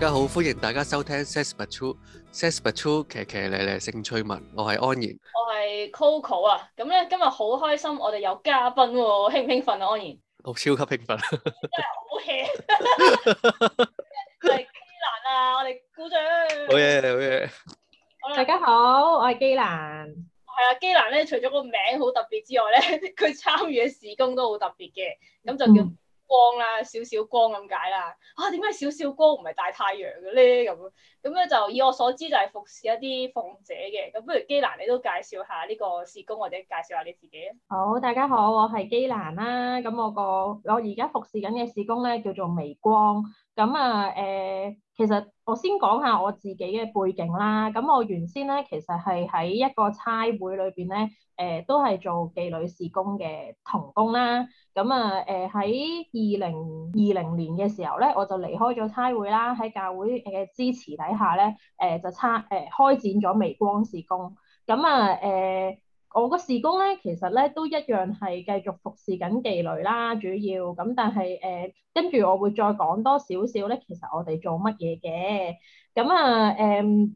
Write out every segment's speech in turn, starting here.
大家好，歡迎大家收聽 Sex But True Sex But True 騎騎咧咧性趣聞，我係安然，我係 Coco 啊，咁咧今日好開心，我哋有嘉賓喎，興唔興奮啊？安然，我超級興奮， 真係好 hea，係 基蘭啊，我哋鼓掌， 好嘢好嘢，好棒大家好，我係基蘭，係 啊，基蘭咧除咗個名好特別之外咧，佢參與嘅事工都好特別嘅，咁就叫、嗯。光啦，少少光咁解啦。啊，點解少少光唔係大太陽嘅咧？咁咁咧就以我所知就係、是、服侍一啲鳳姐嘅。咁不如基蘭你都介紹下呢個事工，或者介紹下你自己咧。好，大家好，我係基蘭啦。咁我個我而家服侍緊嘅事工咧叫做微光。咁啊，誒、呃，其實我先講下我自己嘅背景啦。咁我原先咧，其實係喺一個差會裏邊咧，誒、呃，都係做妓女事工嘅同工啦。咁啊，誒、呃，喺二零二零年嘅時候咧，我就離開咗差會啦。喺教會嘅支持底下咧，誒、呃、就差誒、呃、開展咗微光事工。咁啊，誒、呃。我個事工咧，其實咧都一樣係繼續服侍緊妓女啦，主要咁，但係誒跟住我會再講多少少咧，其實我哋做乜嘢嘅？咁啊誒、呃，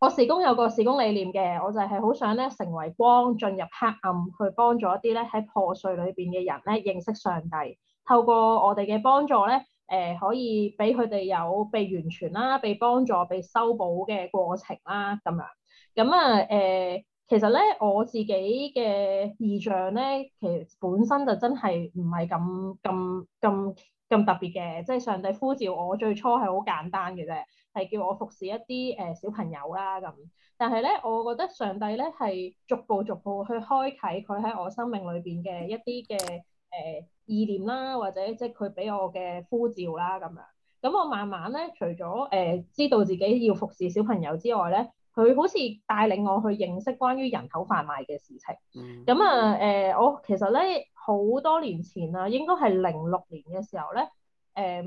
我事工有個事工理念嘅，我就係好想咧成為光，進入黑暗，去幫助一啲咧喺破碎裏邊嘅人咧認識上帝。透過我哋嘅幫助咧，誒、呃、可以俾佢哋有被完全啦、被幫助、被修補嘅過程啦，咁樣。咁啊誒。呃其實咧，我自己嘅異象咧，其實本身就真係唔係咁咁咁咁特別嘅，即係上帝呼召我最初係好簡單嘅啫，係叫我服侍一啲誒、呃、小朋友啦咁。但係咧，我覺得上帝咧係逐步逐步去開啟佢喺我生命裏邊嘅一啲嘅誒意念啦，或者即係佢俾我嘅呼召啦咁樣。咁我慢慢咧，除咗誒、呃、知道自己要服侍小朋友之外咧。佢好似帶領我去認識關於人口販賣嘅事情。咁啊、嗯，誒、呃，我其實咧好多年前啊，應該係零六年嘅時候咧，誒、呃，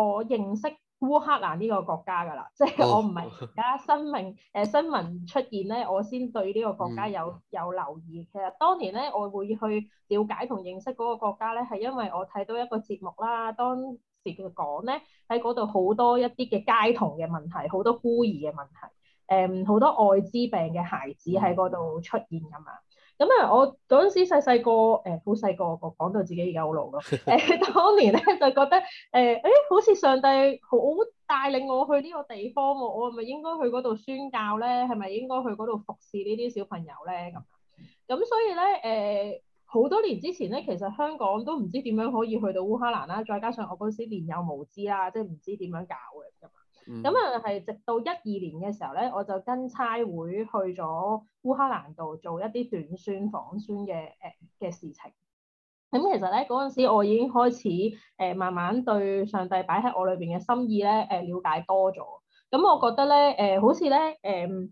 我認識烏克蘭呢個國家㗎啦。即係、哦、 我唔係而家新聞誒、呃、新聞出現咧，我先對呢個國家有、嗯、有留意。其實當年咧，我會去了解同認識嗰個國家咧，係因為我睇到一個節目啦，當時佢講咧喺嗰度好多一啲嘅街童嘅問題，好多孤兒嘅問題。誒好多艾滋病嘅孩子喺嗰度出現㗎嘛，咁啊我嗰陣時細細個好細個，講、欸、到自己而家好老咯、欸。當年咧就覺得誒，誒、欸、好似上帝好帶領我去呢個地方喎，我係咪應該去嗰度宣教咧？係咪應該去嗰度服侍呢啲小朋友咧？咁，咁所以咧誒，好、欸、多年之前咧，其實香港都唔知點樣可以去到烏克蘭啦，再加上我嗰時年幼無知啦，即係唔知點樣搞嘅咁。咁啊，係、嗯、直到一二年嘅時候咧，我就跟差會去咗烏克蘭度做一啲短宣、訪宣嘅誒嘅事情。咁、嗯、其實咧嗰陣時，我已經開始誒、呃、慢慢對上帝擺喺我裏邊嘅心意咧誒了解多咗。咁、嗯、我覺得咧誒、呃，好似咧誒，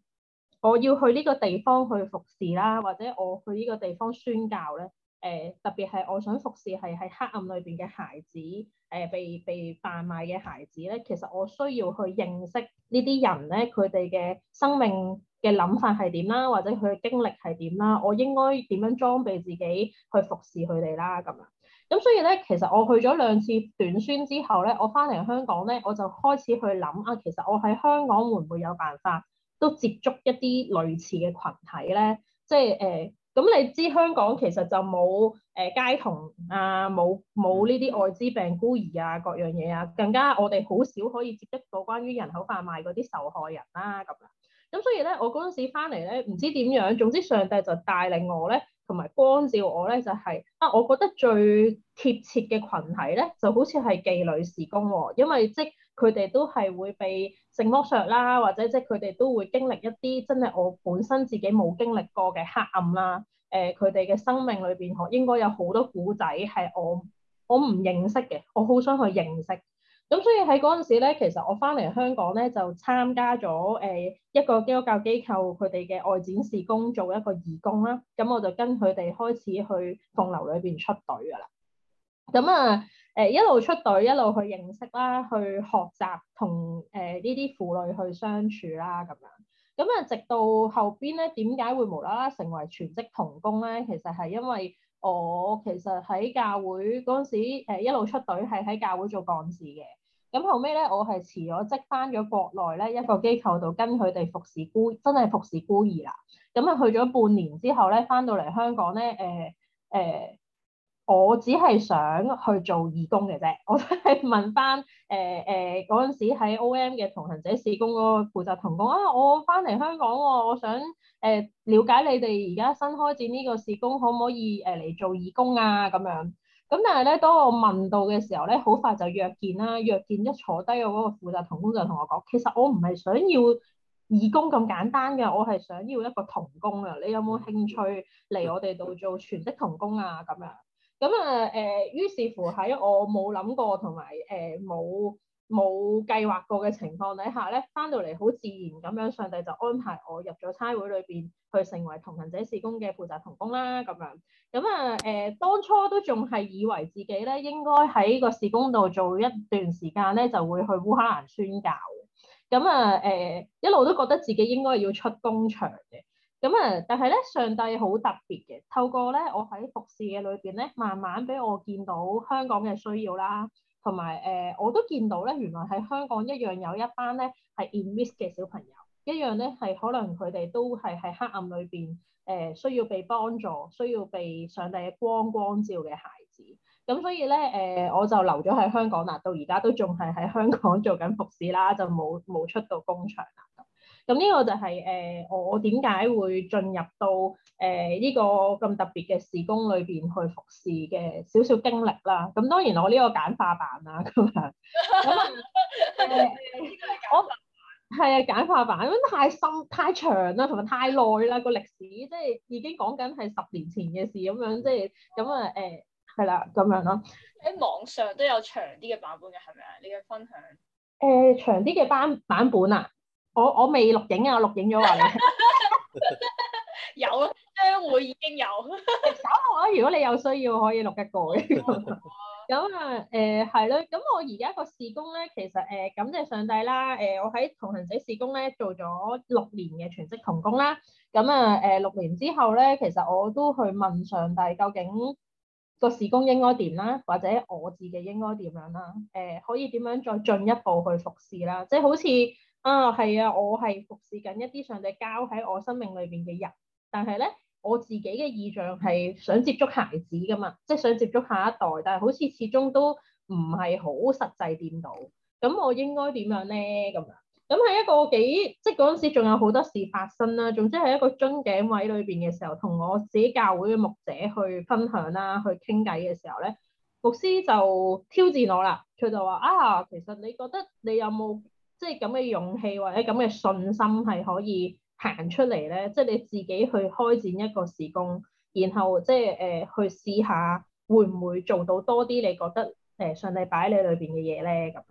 我要去呢個地方去服侍啦，或者我去呢個地方宣教咧。誒、呃、特別係我想服侍係喺黑暗裏邊嘅孩子，誒、呃、被被販賣嘅孩子咧，其實我需要去認識呢啲人咧，佢哋嘅生命嘅諗法係點啦，或者佢嘅經歷係點啦，我應該點樣裝備自己去服侍佢哋啦咁樣。咁所以咧，其實我去咗兩次短宣之後咧，我翻嚟香港咧，我就開始去諗啊，其實我喺香港會唔會有辦法都接觸一啲類似嘅群體咧？即係誒。呃咁你知香港其實就冇誒、呃、街童啊，冇冇呢啲艾滋病孤兒啊，各樣嘢啊，更加我哋好少可以接觸到關於人口販賣嗰啲受害人啦，咁咁所以咧，我嗰陣時翻嚟咧，唔知點樣，總之上帝就帶領我咧，同埋光照我咧，就係、是、啊，我覺得最貼切嘅群體咧，就好似係妓女事工喎、啊，因為即。佢哋都係會被性剝削啦，或者即係佢哋都會經歷一啲真係我本身自己冇經歷過嘅黑暗啦。誒、呃，佢哋嘅生命裏邊，我應該有好多古仔係我我唔認識嘅，我好想去認識。咁所以喺嗰陣時咧，其實我翻嚟香港咧就參加咗誒、呃、一個基督教機構佢哋嘅外展事工，做一個義工啦。咁我就跟佢哋開始去鳳樓裏邊出隊噶啦。咁啊～誒一路出隊一路去認識啦，去學習同誒呢啲婦女去相處啦咁樣。咁啊，直到後邊咧，點解會無啦啦成為全職同工咧？其實係因為我其實喺教會嗰陣時、呃，一路出隊係喺教會做幹事嘅。咁後尾咧，我係辭咗職翻咗國內咧一個機構度跟佢哋服侍孤，真係服侍孤兒啦。咁啊，去咗半年之後咧，翻到嚟香港咧，誒、呃、誒。呃我只係想去做義工嘅啫，我都係問翻誒誒嗰陣時喺 O M 嘅同行者事工嗰個負責同工啊，我翻嚟香港、哦、我想誒、呃、了解你哋而家新開展呢個事工可唔可以誒嚟、呃、做義工啊咁樣。咁但係咧，當我問到嘅時候咧，好快就約見啦。約見一坐低嘅嗰個負責同工就同我講，其實我唔係想要義工咁簡單嘅，我係想要一個同工嘅。你有冇興趣嚟我哋度做全職同工啊？咁樣。咁啊，誒，於是乎喺我冇諗過同埋誒冇冇計劃過嘅情況底下咧，翻到嚟好自然咁樣，上帝就安排我入咗差會裏邊，去成為同行者事工嘅負責同工啦咁樣。咁啊，誒、呃，當初都仲係以為自己咧應該喺個事工度做一段時間咧，就會去烏克蘭宣教。咁啊，誒、呃，一路都覺得自己應該要出工場嘅。咁啊，但係咧，上帝好特別嘅，透過咧我喺服侍嘅裏邊咧，慢慢俾我見到香港嘅需要啦，同埋誒我都見到咧，原來喺香港一樣有一班咧係 in risk 嘅小朋友，一樣咧係可能佢哋都係喺黑暗裏邊誒需要被幫助、需要被上帝嘅光光照嘅孩子。咁所以咧誒、呃、我就留咗喺香港啦，到而家都仲係喺香港做緊服侍啦，就冇冇出到工場啦。咁呢個就係誒我點解會進入到誒呢個咁特別嘅時工裏邊去服侍嘅少少經歷啦。咁當然我呢個簡化版啦咁樣。我係啊簡化版，咁太深太長啦，同埋太耐啦個歷史，即係已經講緊係十年前嘅事咁樣，即係咁啊誒係啦咁樣咯。喺網上都有長啲嘅版本嘅係咪啊？你嘅分享誒長啲嘅版版本啊？我我未錄影啊！我錄影咗話， 有啊，將會已經有。稍後啊，如果你有需要可以錄一個嘅。咁 啊，誒係咯，咁我而家個事工咧，其實誒、呃、感謝上帝啦，誒、呃、我喺同行者事工咧做咗六年嘅全職同工啦。咁啊誒六年之後咧，其實我都去問上帝究竟個事工應該點啦，或者我自己應該點樣啦？誒、呃、可以點樣再進一步去服侍啦？即、就、係、是、好似。啊，係啊，我係服侍緊一啲上帝交喺我生命裏邊嘅人，但係咧我自己嘅意向係想接觸孩子噶嘛，即係想接觸下一代，但係好似始終都唔係好實際掂到，咁我應該點樣咧咁樣？咁係一個幾即係嗰陣時仲有好多事發生啦。總之係一個樽頸位裏邊嘅時候，同我自己教會嘅牧者去分享啦，去傾偈嘅時候咧，牧師就挑戰我啦，佢就話啊，其實你覺得你有冇？即係咁嘅勇氣或者咁嘅信心係可以行出嚟咧，即係你自己去開展一個事工，然後即係誒、呃、去試下會唔會做到多啲，你覺得誒、呃、上帝擺喺你裏邊嘅嘢咧咁。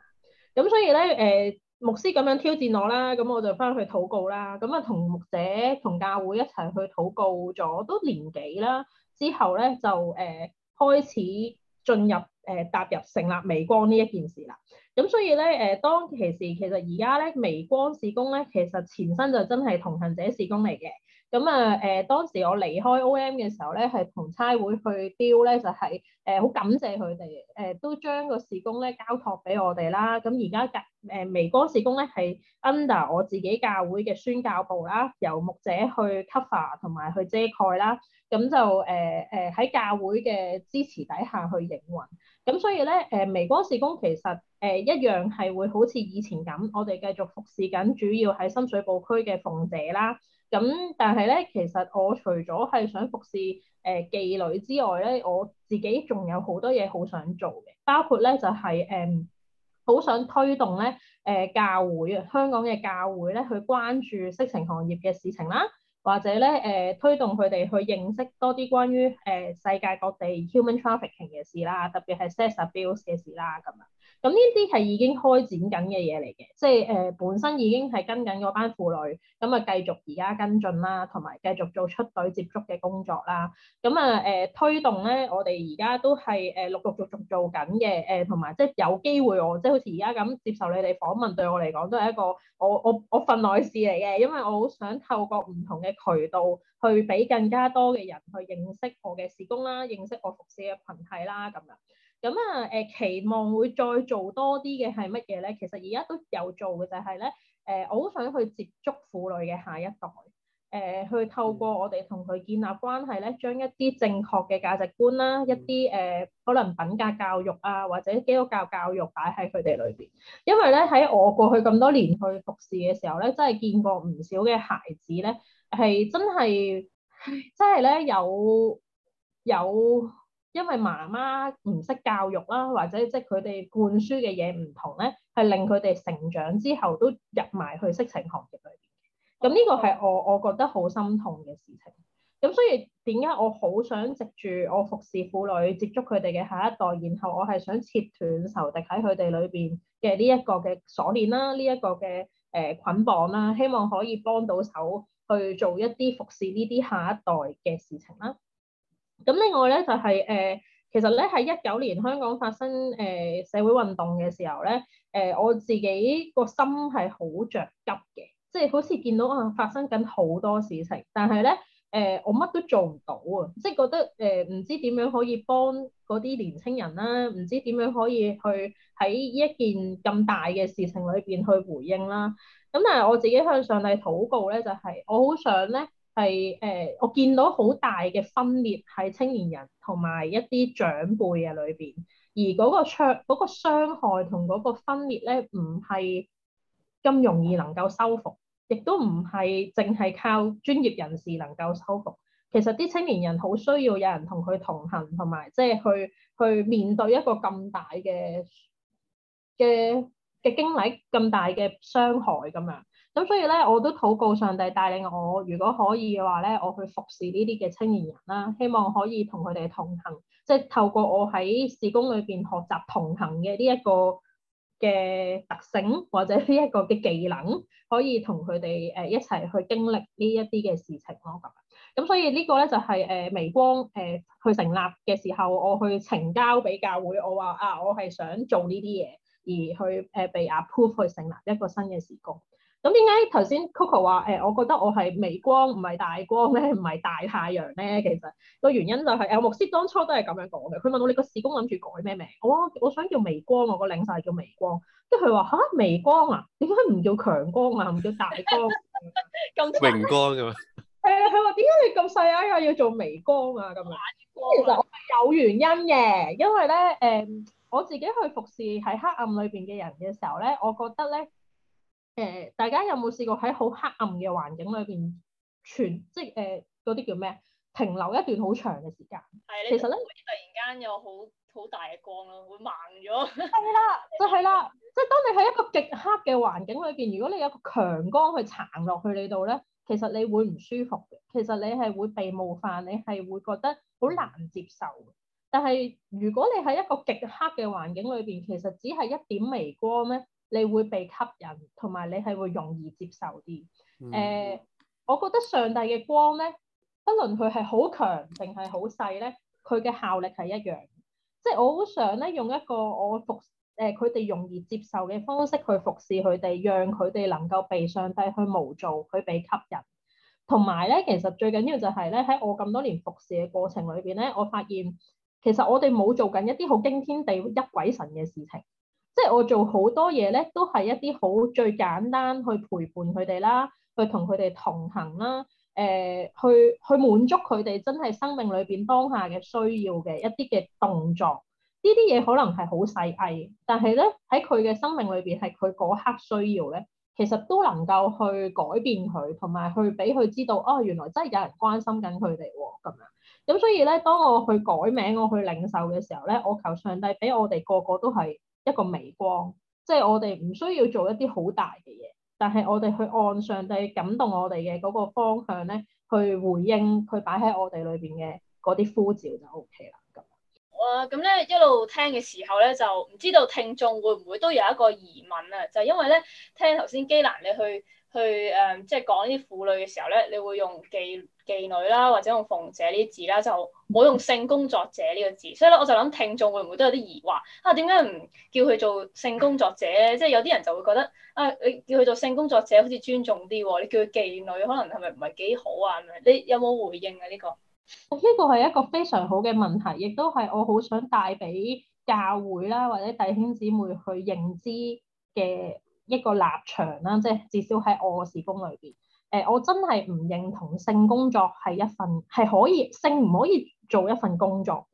咁所以咧誒、呃、牧師咁樣挑戰我啦，咁我就翻去禱告啦，咁啊同牧者同教會一齊去禱告咗都年幾啦。之後咧就誒、呃、開始進入誒、呃、踏入成立微光呢一件事啦。咁所以咧，誒、呃、當其時其實而家咧微光事工咧，其實前身就真係同行者事工嚟嘅。咁啊，誒、呃、當時我離開 OM 嘅時候咧，係同差會去 deal 咧，就係誒好感謝佢哋，誒、呃、都將個事工咧交託俾我哋啦。咁而家隔誒微光事工咧係 under 我自己教會嘅宣教部啦，由牧者去 cover 同埋去遮蓋啦。咁就誒誒喺教會嘅支持底下去營運。咁所以咧，誒微光事工其實誒、呃、一樣係會好似以前咁，我哋繼續服侍緊主要喺深水埗區嘅鳳姐啦。咁但係咧，其實我除咗係想服侍誒、呃、妓女之外咧，我自己仲有好多嘢好想做嘅，包括咧就係誒好想推動咧誒、呃、教會啊，香港嘅教會咧去關注色情行業嘅事情啦。或者咧，誒、呃，推動佢哋去認識多啲關於誒、呃、世界各地 human trafficking 嘅事啦，特別係性 abuse 嘅事啦，咁樣。咁呢啲係已經開展緊嘅嘢嚟嘅，即係誒本身已經係跟緊嗰班婦女，咁啊繼續而家跟進啦，同埋繼續做出隊接觸嘅工作啦，咁啊誒推動咧，我哋而家都係誒陸陸續續做緊嘅，誒同埋即係有機會我即係好似而家咁接受你哋訪問，對我嚟講都係一個我我我份內事嚟嘅，因為我好想透過唔同嘅渠道去俾更加多嘅人去認識我嘅事工啦，認識我服侍嘅群體啦，咁樣。咁啊，誒、呃、期望會再做多啲嘅係乜嘢咧？其實而家都有做嘅、就係，就係咧，誒我好想去接觸婦女嘅下一代，誒、呃、去透過我哋同佢建立關係咧，將一啲正確嘅價值觀啦，一啲誒、呃、可能品格教育啊，或者基督教教育擺喺佢哋裏邊。因為咧喺我過去咁多年去服侍嘅時候咧，真係見過唔少嘅孩子咧，係真係真係咧有有。有因為媽媽唔識教育啦，或者即係佢哋灌輸嘅嘢唔同咧，係令佢哋成長之後都入埋去色情行業裏邊。咁呢個係我我覺得好心痛嘅事情。咁所以點解我好想藉住我服侍婦女，接觸佢哋嘅下一代，然後我係想切斷仇敵喺佢哋裏邊嘅呢一個嘅鎖鏈啦，呢、這、一個嘅誒、呃、捆綁啦，希望可以幫到手去做一啲服侍呢啲下一代嘅事情啦。咁另外咧就係、是、誒、呃，其實咧喺一九年香港發生誒、呃、社會運動嘅時候咧，誒、呃、我自己個心係好着急嘅，即、就、係、是、好似見到啊發生緊好多事情，但係咧誒我乜都做唔到啊，即、就、係、是、覺得誒唔、呃、知點樣可以幫嗰啲年輕人啦，唔知點樣可以去喺呢一件咁大嘅事情裏邊去回應啦。咁但係我自己向上帝禱告咧，就係、是、我好想咧。係誒、呃，我見到好大嘅分裂喺青年人同埋一啲長輩啊裏邊，而嗰個傷嗰個傷害同嗰個分裂咧，唔係咁容易能夠修復，亦都唔係淨係靠專業人士能夠修復。其實啲青年人好需要有人同佢同行，同埋即係去去面對一個咁大嘅嘅嘅經歷，咁大嘅傷害咁樣。咁所以咧，我都禱告上帝帶領我。如果可以嘅話咧，我去服侍呢啲嘅青年人啦，希望可以同佢哋同行，即係透過我喺事工裏邊學習同行嘅呢一個嘅特性或者呢一個嘅技能，可以同佢哋誒一齊去經歷呢一啲嘅事情咯。咁咁所以呢個咧就係誒微光誒去成立嘅時候，我去呈交俾教會，我話啊，我係想做呢啲嘢，而去誒被 approve 去成立一個新嘅事工。咁點解頭先 Coco 話誒，我覺得我係微光，唔係大光咧，唔係大太陽咧。其實個原因就係牧師當初都係咁樣講嘅。佢問我你個視工諗住改咩名？我我想叫微光，我個領晒叫微光。即係佢話嚇微光啊，點解唔叫強光啊？唔叫大光，啊？咁 明光嘅嘛？係佢話點解你咁細啊？因為要做微光啊？咁樣其實我係有原因嘅，因為咧誒、嗯，我自己去服侍喺黑暗裏邊嘅人嘅時候咧，我覺得咧。誒，大家有冇試過喺好黑暗嘅環境裏邊，全即係誒嗰啲叫咩啊？停留一段好長嘅時間。係但你 其實咧，會突然間有好好大嘅光咯，會盲咗。係 啦，就係、是、啦，即係當你喺一個極黑嘅環境裏邊，如果你有個強光去撐落去你度咧，其實你會唔舒服嘅。其實你係會被冒犯，你係會覺得好難接受。但係如果你喺一個極黑嘅環境裏邊，其實只係一點微光咧。你會被吸引，同埋你係會容易接受啲。誒、嗯呃，我覺得上帝嘅光咧，不論佢係好強定係好細咧，佢嘅效力係一樣。即係我好想咧，用一個我服誒佢哋容易接受嘅方式去服侍佢哋，讓佢哋能夠被上帝去模造佢被吸引。同埋咧，其實最緊要就係咧，喺我咁多年服侍嘅過程裏邊咧，我發現其實我哋冇做緊一啲好驚天地泣鬼神嘅事情。即係我做好多嘢咧，都係一啲好最簡單去陪伴佢哋啦，去同佢哋同行啦，誒，去去滿足佢哋真係生命裏邊當下嘅需要嘅一啲嘅動作。呢啲嘢可能係好細微，但係咧喺佢嘅生命裏邊係佢嗰刻需要咧，其實都能夠去改變佢，同埋去俾佢知道，哦，原來真係有人關心緊佢哋喎咁樣。咁所以咧，當我去改名，我去領受嘅時候咧，我求上帝俾我哋個個都係一個微光，即係我哋唔需要做一啲好大嘅嘢，但係我哋去按上帝感動我哋嘅嗰個方向咧，去回應佢擺喺我哋裏邊嘅嗰啲呼召就 OK 啦。咁好咁咧，一路聽嘅時候咧，就唔知道聽眾會唔會都有一個疑問啊？就係因為咧，聽頭先基蘭你去去誒，即係講呢啲婦女嘅時候咧，你會用記。妓女啦，或者用鳳姐呢啲字啦，就唔好用性工作者呢個字，所以咧我就諗聽眾會唔會都有啲疑惑啊？點解唔叫佢做性工作者咧？即係有啲人就會覺得啊，你叫佢做性工作者好似尊重啲喎，你叫佢妓女可能係咪唔係幾好啊？你有冇回應啊？呢個呢個係一個非常好嘅問題，亦都係我好想帶俾教會啦或者弟兄姊妹去認知嘅一個立場啦，即係至少喺我視角裏邊。誒、呃，我真係唔認同性工作係一份係可以性，唔可以做一份工作。哦，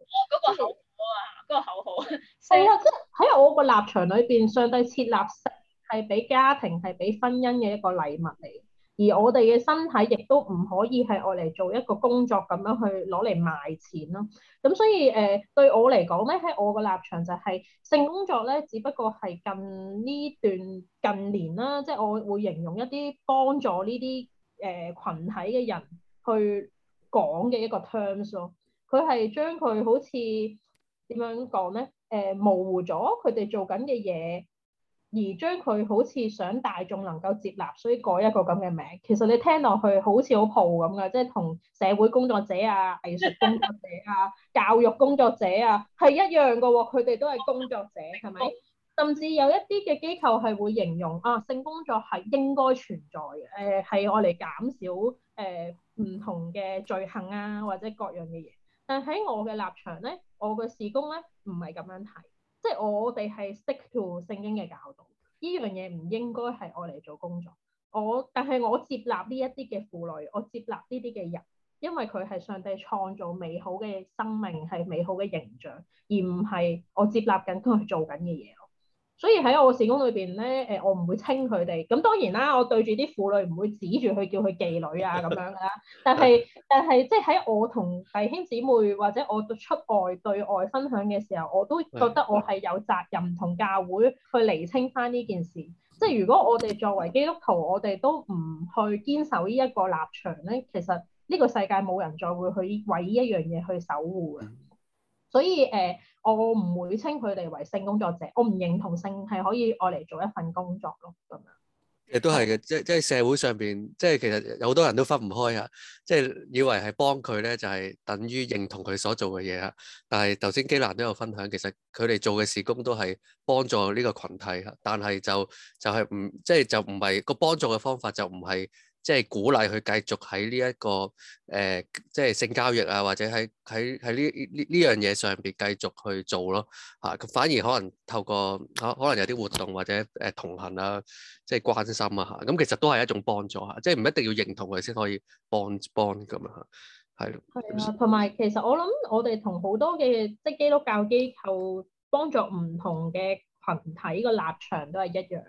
嗰、嗰個口號啊，個口號。係啊，即喺我個立場裏邊，上帝設立性係俾家庭係俾婚姻嘅一個禮物嚟。而我哋嘅身體亦都唔可以係愛嚟做一個工作咁樣去攞嚟賣錢咯、啊。咁所以誒、呃，對我嚟講咧，喺我個立場就係、是、性工作咧，只不過係近呢段近年啦、啊，即係我會形容一啲幫助呢啲誒羣體嘅人去講嘅一個 terms 咯、啊。佢係將佢好似點樣講咧？誒、呃，模糊咗佢哋做緊嘅嘢。而將佢好似想大眾能夠接納，所以改一個咁嘅名。其實你聽落去好似好蒲咁嘅，即係同社會工作者啊、藝術工作者啊、教育工作者啊係一樣㗎喎。佢哋都係工作者，係咪？好甚至有一啲嘅機構係會形容啊，性工作係應該存在嘅，誒係我嚟減少誒唔同嘅罪行啊，或者各樣嘅嘢。但喺我嘅立場咧，我嘅事工咧唔係咁樣睇。即係我哋係 stick to 聖經嘅教導，依樣嘢唔應該係我嚟做工作。我但係我接納呢一啲嘅婦女，我接納呢啲嘅人，因為佢係上帝創造美好嘅生命，係美好嘅形象，而唔係我接納緊佢做緊嘅嘢。所以喺我事工裏邊咧，誒我唔會稱佢哋。咁當然啦，我對住啲婦女唔會指住佢叫佢妓女啊咁樣啦。但係但係，即係喺我同弟兄姊妹或者我出外對外分享嘅時候，我都覺得我係有責任同教會去釐清返呢件事。 即係如果我哋作為基督徒，我哋都唔去堅守呢一個立場咧，其實呢個世界冇人再會去為呢一樣嘢去守護嘅。所以誒。呃我唔會稱佢哋為性工作者，我唔認同性係可以愛嚟做一份工作咯，咁樣。亦都係嘅，即即係社會上邊，即係其實有好多人都分唔開啊，即係以為係幫佢咧就係等於認同佢所做嘅嘢啊。但係頭先基蘭都有分享，其實佢哋做嘅事工都係幫助呢個羣體，但係就就係唔即係就唔係個幫助嘅方法就唔係。即係鼓勵佢繼續喺呢一個誒，即、呃、係、就是、性交易啊，或者喺喺喺呢呢呢樣嘢上邊繼續去做咯，嚇、啊！反而可能透過可、啊、可能有啲活動或者誒、呃、同行啊，即係關心啊嚇，咁、啊、其實都係一種幫助嚇，即係唔一定要認同佢先可以幫幫咁樣啊，係咯。係啊，同埋其實我諗我哋同好多嘅即係基督教機構幫助唔同嘅群體個立場都係一樣。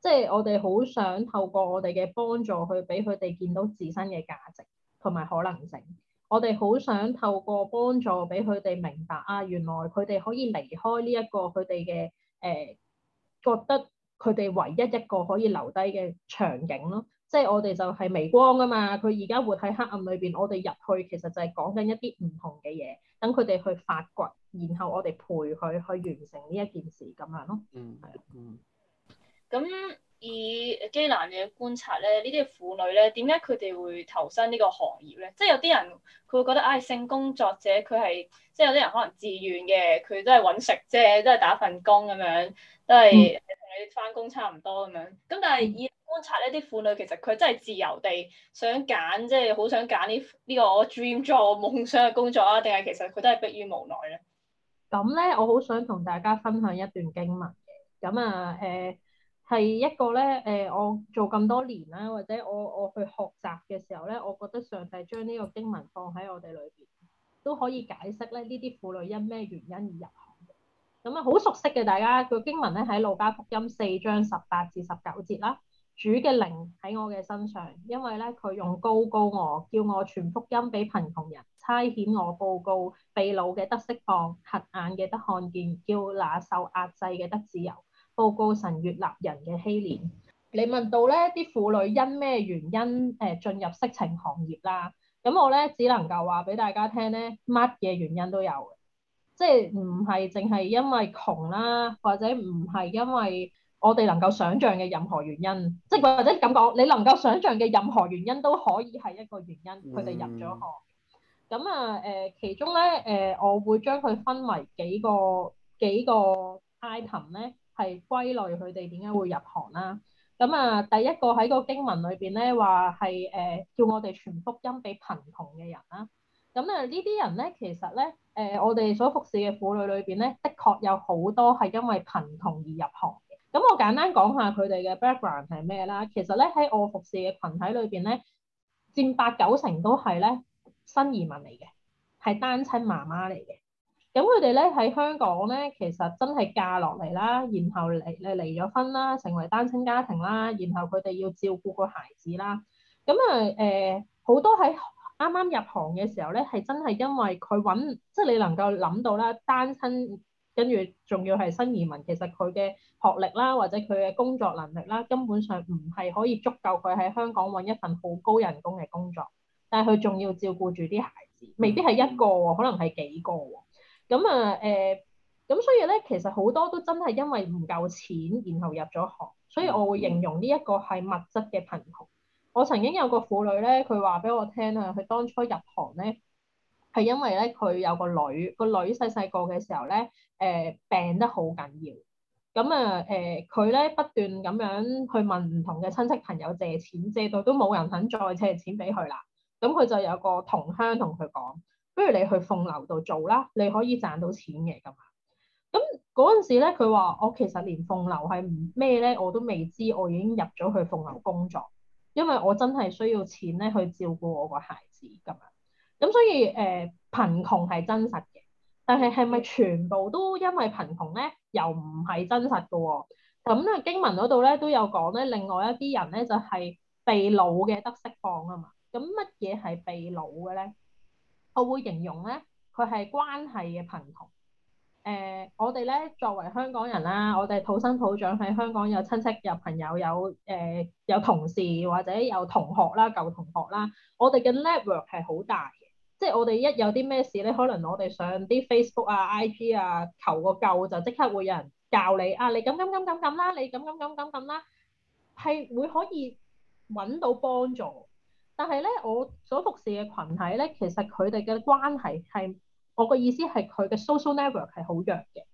即係我哋好想透過我哋嘅幫助去俾佢哋見到自身嘅價值同埋可能性。我哋好想透過幫助俾佢哋明白啊，原來佢哋可以離開呢一個佢哋嘅誒覺得佢哋唯一一個可以留低嘅場景咯。即係我哋就係微光㗎嘛，佢而家活喺黑暗裏邊，我哋入去其實就係講緊一啲唔同嘅嘢，等佢哋去發掘，然後我哋陪佢去完成呢一件事咁樣咯。嗯，係啊，嗯。咁以基南嘅觀察咧，呢啲婦女咧，點解佢哋會投身呢個行業咧？即係有啲人佢會覺得，唉、哎，性工作者佢係即係有啲人可能自願嘅，佢都係揾食，啫，都係打份工咁樣，都係同、嗯、你翻工差唔多咁樣。咁但係以觀察呢啲婦女其實佢真係自由地想揀，即係好想揀呢呢個我 dream job、我夢想嘅工作啊，定係其實佢都係迫於無奈咧？咁咧，我好想同大家分享一段經文嘅。咁啊，誒、uh, uh,。係一個咧，誒、呃，我做咁多年啦，或者我我去學習嘅時候咧，我覺得上帝將呢個經文放喺我哋裏邊，都可以解釋咧呢啲婦女因咩原因而入行嘅。咁啊，好熟悉嘅大家個經文咧，喺路加福音四章十八至十九節啦。主嘅靈喺我嘅身上，因為咧佢用高高膏膏我，叫我傳福音俾貧窮人，差遣我報告被擄嘅得釋放，瞎眼嘅得看見，叫那受壓制嘅得自由。報告神越立人嘅希年。你問到咧啲婦女因咩原因誒進入色情行業啦？咁我咧只能夠話俾大家聽咧，乜嘢原因都有嘅，即係唔係淨係因為窮啦，或者唔係因為我哋能夠想像嘅任何原因，即係或者咁講，你能夠想像嘅任何原因都可以係一個原因，佢哋入咗行。咁啊誒，其中咧誒，我會將佢分為幾個幾個 item 咧。係歸類佢哋點解會入行啦。咁啊，第一個喺個經文裏邊咧話係誒，叫我哋傳福音俾貧窮嘅人啦。咁啊，呢啲人咧其實咧誒、呃，我哋所服侍嘅婦女裏邊咧，的確有好多係因為貧窮而入行嘅。咁我簡單講下佢哋嘅 background 係咩啦？其實咧喺我服侍嘅群體裏邊咧，佔八九成都係咧新移民嚟嘅，係單親媽媽嚟嘅。咁佢哋咧喺香港咧，其實真係嫁落嚟啦，然後離嚟離咗婚啦，成為單親家庭啦，然後佢哋要照顧個孩子啦。咁啊誒，好多喺啱啱入行嘅時候咧，係真係因為佢揾，即係你能夠諗到啦，單親跟住仲要係新移民，其實佢嘅學歷啦，或者佢嘅工作能力啦，根本上唔係可以足夠佢喺香港揾一份好高人工嘅工作，但係佢仲要照顧住啲孩子，未必係一個喎，可能係幾個喎。咁啊，誒，咁、呃、所以咧，其實好多都真係因為唔夠錢，然後入咗行，所以我會形容呢一個係物質嘅貧窮。我曾經有個婦女咧，佢話俾我聽啊，佢當初入行咧係因為咧佢有個女，個女細細個嘅時候咧，誒、呃、病得好緊要，咁啊、呃，誒佢咧不斷咁樣去問唔同嘅親戚朋友借錢，借到都冇人肯再借錢俾佢啦。咁佢就有個同鄉同佢講。不如你去鳳樓度做啦，你可以賺到錢嘅。咁啊。咁嗰陣時咧，佢話我其實連鳳樓係咩咧，我都未知。我已經入咗去鳳樓工作，因為我真係需要錢咧去照顧我個孩子咁樣。咁所以誒、呃，貧窮係真實嘅，但係係咪全部都因為貧窮咧？又唔係真實噶喎、哦。咁咧經文嗰度咧都有講咧，另外一啲人咧就係、是、被老嘅得釋放啊嘛。咁乜嘢係被老呢嘅咧？我會形容咧，佢係關係嘅貧窮。誒、呃，我哋咧作為香港人啦，我哋土生土長喺香港，有親戚、有朋友、有誒、呃、有同事或者有同學啦、舊同學啦，我哋嘅 network 係好大嘅。即係我哋一有啲咩事咧，可能我哋上啲 Facebook 啊、IG 啊，求個救就即刻會有人教你啊，你咁咁咁咁咁啦，你咁咁咁咁咁啦，係會可以揾到幫助。但係咧，我所服侍嘅群體咧，其實佢哋嘅關係係，我個意思係佢嘅 social network 係好弱嘅。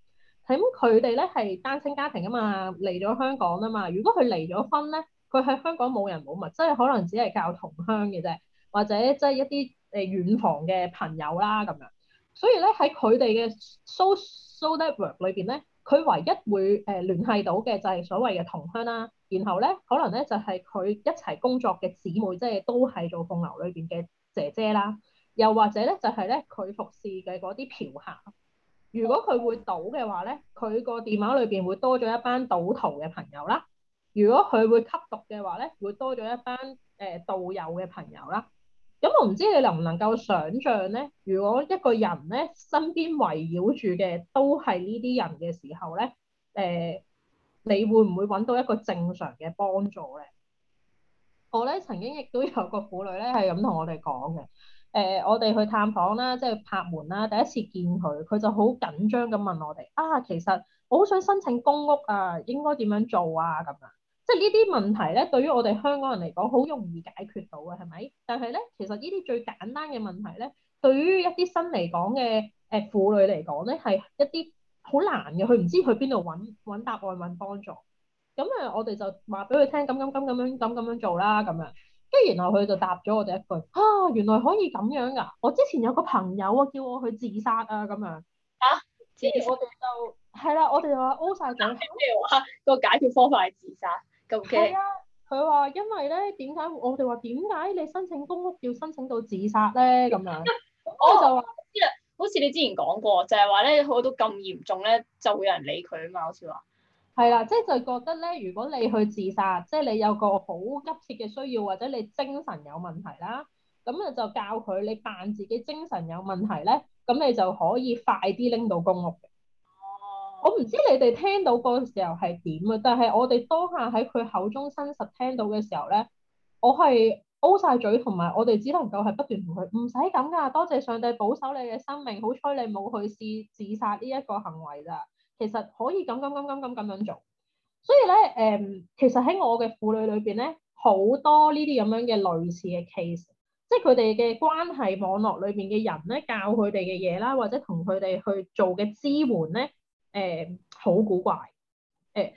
咁佢哋咧係單親家庭啊嘛，嚟咗香港啊嘛。如果佢離咗婚咧，佢喺香港冇人冇物，即係可能只係交同鄉嘅啫，或者即係一啲誒遠房嘅朋友啦咁樣。所以咧，喺佢哋嘅 social network 裏邊咧。佢唯一會誒、呃、聯繫到嘅就係所謂嘅同鄉啦，然後咧可能咧就係、是、佢一齊工作嘅姊妹，即係都係做鳳樓裏邊嘅姐姐啦，又或者咧就係咧佢服侍嘅嗰啲嫖客。如果佢會賭嘅話咧，佢個電話裏邊會多咗一班賭徒嘅朋友啦。如果佢會吸毒嘅話咧，會多咗一班誒道友嘅朋友啦。咁我唔知你能唔能夠想像咧，如果一個人咧身邊圍繞住嘅都係呢啲人嘅時候咧，誒、呃，你會唔會揾到一個正常嘅幫助咧？我咧曾經亦都有個婦女咧係咁同我哋講嘅，誒、呃，我哋去探訪啦，即係拍門啦，第一次見佢，佢就好緊張咁問我哋，啊，其實我好想申請公屋啊，應該點樣做啊咁樣。即係呢啲問題咧，對於我哋香港人嚟講，好容易解決到嘅，係咪？但係咧，其實呢啲最簡單嘅問題咧，對於一啲新嚟講嘅誒婦女嚟講咧，係一啲好難嘅，佢唔知去邊度揾揾答案、揾幫助。咁啊，我哋就話俾佢聽，咁咁咁咁樣，咁咁樣，樣，樣，樣，樣做啦，咁樣。跟住然後佢就答咗我哋一句：啊，原來可以咁樣㗎！我之前有個朋友啊，叫我去自殺啊，咁樣。嚇、啊！自殺？我哋就係啦，我哋話撲曬井底嘅話，個解決方法係自殺。係啊，佢話因為咧，點解我哋話點解你申請公屋要申請到自殺咧咁樣？我、 哦、就好似你之前講過，就係話咧，去到咁嚴重咧，就會有人理佢啊嘛，好似話。係啦、啊，即係就係、覺得咧，如果你去自殺，即、就、係、係、你有個好急切嘅需要，或者你精神有問題啦，咁啊就教佢你扮自己精神有問題咧，咁你就可以快啲拎到公屋。我唔知你哋聽到嗰時候係點啊，但係我哋當下喺佢口中真實聽到嘅時候咧，我係 O 晒嘴，同埋我哋只能夠係不斷同佢唔使咁㗎，多謝上帝保守你嘅生命，好彩你冇去試自殺呢一個行為咋，其實可以咁咁咁咁咁咁樣做。所以咧，誒、嗯，其實喺我嘅婦女裏邊咧，好多呢啲咁樣嘅類似嘅 case，即係佢哋嘅關係網絡裏邊嘅人咧，教佢哋嘅嘢啦，或者同佢哋去做嘅支援咧。誒好、呃、古怪，誒、呃、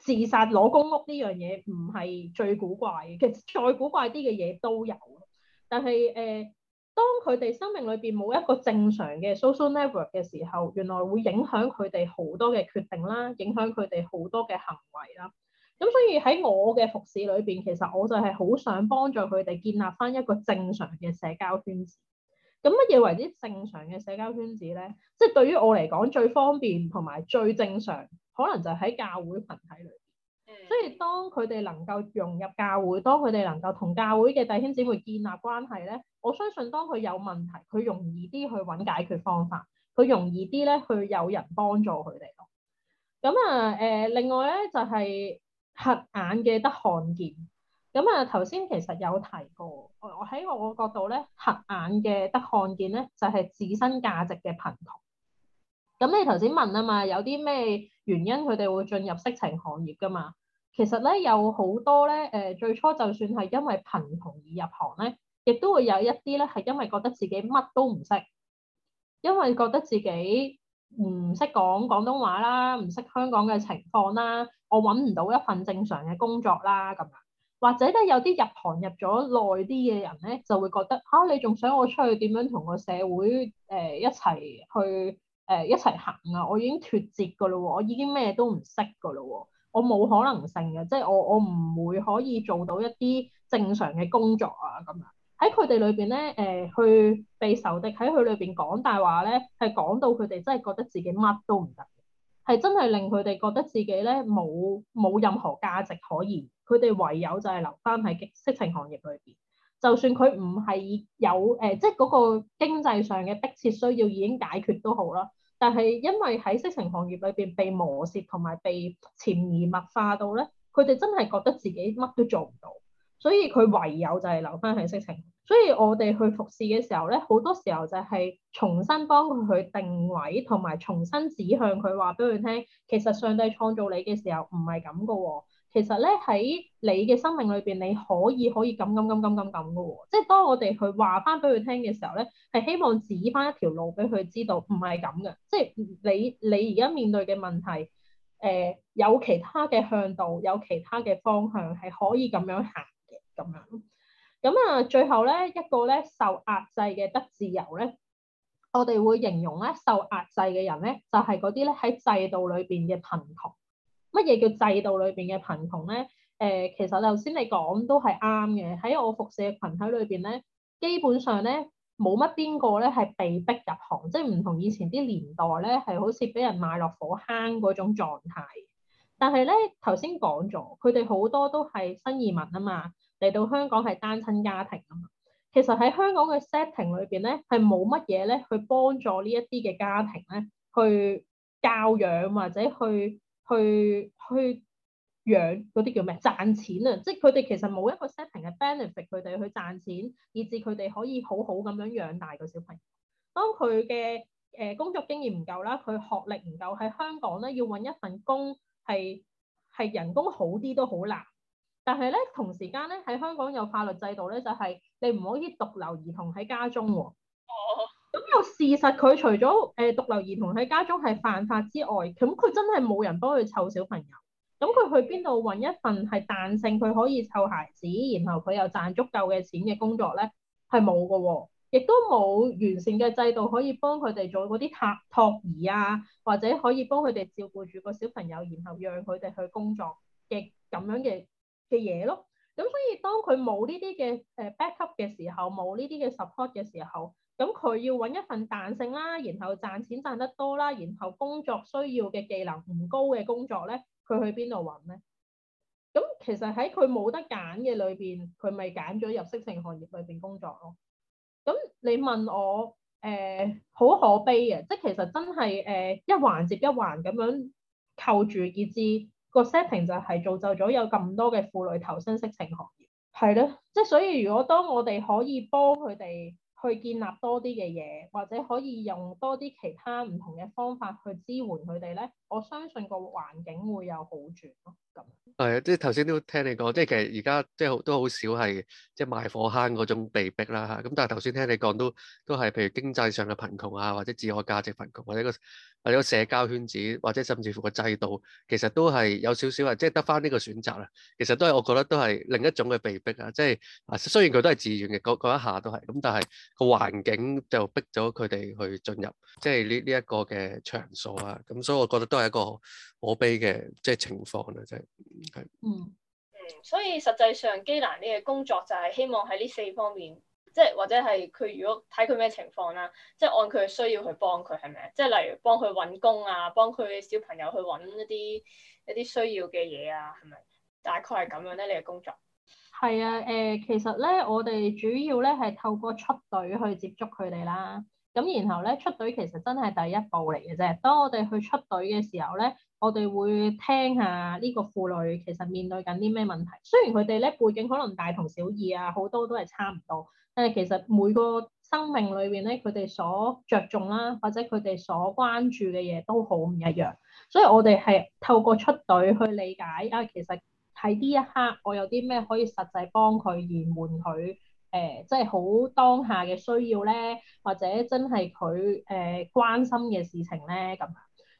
即自殺攞公屋呢樣嘢唔係最古怪嘅，其實再古怪啲嘅嘢都有。但係誒、呃，當佢哋生命裏邊冇一個正常嘅 social network 嘅時候，原來會影響佢哋好多嘅決定啦，影響佢哋好多嘅行為啦。咁所以喺我嘅服侍裏邊，其實我就係好想幫助佢哋建立返一個正常嘅社交圈子。咁乜嘢為之正常嘅社交圈子咧？即係對於我嚟講最方便同埋最正常，可能就喺教會群體裏邊。嗯、所以當佢哋能夠融入教會，當佢哋能夠同教會嘅弟兄姊妹建立關係咧，我相信當佢有問題，佢容易啲去揾解決方法，佢容易啲咧去有人幫助佢哋咯。咁啊，誒、呃，另外咧就係瞎眼嘅得看見。咁啊，頭先、嗯、其實有提過，我喺我個角度咧，核眼嘅得看見咧，就係、是、自身價值嘅貧窮。咁、嗯、你頭先問啊嘛，有啲咩原因佢哋會進入色情行業㗎嘛？其實咧，有好多咧，誒、呃，最初就算係因為貧窮而入行咧，亦都會有一啲咧係因為覺得自己乜都唔識，因為覺得自己唔識講廣東話啦，唔識香港嘅情況啦，我揾唔到一份正常嘅工作啦，咁樣。或者咧，有啲入行入咗耐啲嘅人咧，就會覺得嚇、啊、你仲想我出去點樣同個社會誒、呃、一齊去誒、呃、一齊行啊？我已經脫節噶咯喎，我已經咩都唔識噶咯喎，我冇可能性嘅，即係我我唔會可以做到一啲正常嘅工作啊咁樣。喺佢哋裏邊咧，誒去被仇敵喺佢裏邊講大話咧，係講到佢哋真係覺得自己乜都唔得，係真係令佢哋覺得自己咧冇冇任何價值可言。佢哋唯有就係留翻喺色情行業裏邊，就算佢唔係有誒，即係嗰個經濟上嘅迫切需要已經解決都好啦。但係因為喺色情行業裏邊被磨蝕同埋被潛移默化到咧，佢哋真係覺得自己乜都做唔到，所以佢唯有就係留翻喺色情。所以我哋去服侍嘅時候咧，好多時候就係重新幫佢去定位同埋重新指向佢話俾佢聽，其實上帝創造你嘅時候唔係咁噶喎。其實咧喺你嘅生命裏邊，你可以可以咁咁咁咁咁咁嘅喎，即係當我哋去話翻俾佢聽嘅時候咧，係希望指翻一條路俾佢知道，唔係咁嘅，即係你你而家面對嘅問題，誒有其他嘅向度，有其他嘅方向係可以咁樣行嘅咁樣。咁啊，最後咧一個咧受壓制嘅得自由咧，我哋會形容咧受壓制嘅人咧，就係嗰啲咧喺制度裏邊嘅貧窮。乜嘢叫制度裏邊嘅貧窮咧？誒、呃，其實頭先你講都係啱嘅。喺我服侍嘅群體裏邊咧，基本上咧冇乜邊個咧係被逼入行，即係唔同以前啲年代咧係好似俾人賣落火坑嗰種狀態。但係咧頭先講咗，佢哋好多都係新移民啊嘛，嚟到香港係單親家庭啊嘛。其實喺香港嘅 setting 裏邊咧，係冇乜嘢咧去幫助呢一啲嘅家庭咧去教養或者去。去去養嗰啲叫咩？賺錢啊！即係佢哋其實冇一個 setting 係 benefit 佢哋去賺錢，以至佢哋可以好好咁樣養大個小朋友。當佢嘅誒工作經驗唔夠啦，佢學歷唔夠喺香港咧，要搵一份工係係人工好啲都好難。但係咧，同時間咧喺香港有法律制度咧，就係、是、你唔可以獨留兒童喺家中喎。事實佢除咗誒獨留兒童喺家中係犯法之外，咁佢真係冇人幫佢湊小朋友。咁佢去邊度揾一份係彈性佢可以湊孩子，然後佢又賺足夠嘅錢嘅工作咧，係冇㗎喎。亦都冇完善嘅制度可以幫佢哋做嗰啲託托兒啊，或者可以幫佢哋照顧住個小朋友，然後讓佢哋去工作嘅咁樣嘅嘅嘢咯。咁所以當佢冇呢啲嘅誒 back up 嘅時候，冇呢啲嘅 support 嘅時候。咁佢要揾一份彈性啦，然後賺錢賺得多啦，然後工作需要嘅技能唔高嘅工作咧，佢去邊度揾咧？咁其實喺佢冇得揀嘅裏邊，佢咪揀咗入色情行業裏邊工作咯。咁你問我誒，好、呃、可悲啊！即係其實真係誒、呃、一環接一環咁樣扣住以，以、那、至個 setting 就係造就咗有咁多嘅婦女投身色情行業。係咯，即係所以如果當我哋可以幫佢哋。去建立多啲嘅嘢，或者可以用多啲其他唔同嘅方法去支援佢哋咧。我相信個環境會有好轉咯，咁係啊，即係頭先都聽你講，即係其實而家即係都好少係即係賣火坑嗰種被逼啦嚇。咁但係頭先聽你講都都係譬如經濟上嘅貧窮啊，或者自我價值貧窮，或者個或者個社交圈子，或者甚至乎個制度，其實都係有少少係即係得返呢個選擇啦。其實都係我覺得都係另一種嘅被逼啊，即係啊雖然佢都係自願嘅，嗰一下都係咁，但係個環境就逼咗佢哋去進入即係呢呢一個嘅場所啊。咁所以我覺得都。都係一個可悲嘅即係情況啦，真係。嗯嗯，所以實際上基蘭呢嘅工作就係希望喺呢四方面，即係或者係佢如果睇佢咩情況啦，即係按佢嘅需要去幫佢係咪？即係例如幫佢搵工啊，幫佢小朋友去搵一啲一啲需要嘅嘢啊，係咪？大概係咁樣咧？你嘅工作係啊，誒，其實咧我哋主要咧係透過出隊去接觸佢哋啦。咁然後咧出隊其實真係第一步嚟嘅啫。當我哋去出隊嘅時候咧，我哋會聽下呢個婦女其實面對緊啲咩問題。雖然佢哋咧背景可能大同小異啊，好多都係差唔多，但係其實每個生命裏邊咧，佢哋所着重啦，或者佢哋所關注嘅嘢都好唔一樣。所以我哋係透過出隊去理解啊，其實喺呢一刻我有啲咩可以實際幫佢延緩佢。誒、呃，即係好當下嘅需要咧，或者真係佢誒關心嘅事情咧咁。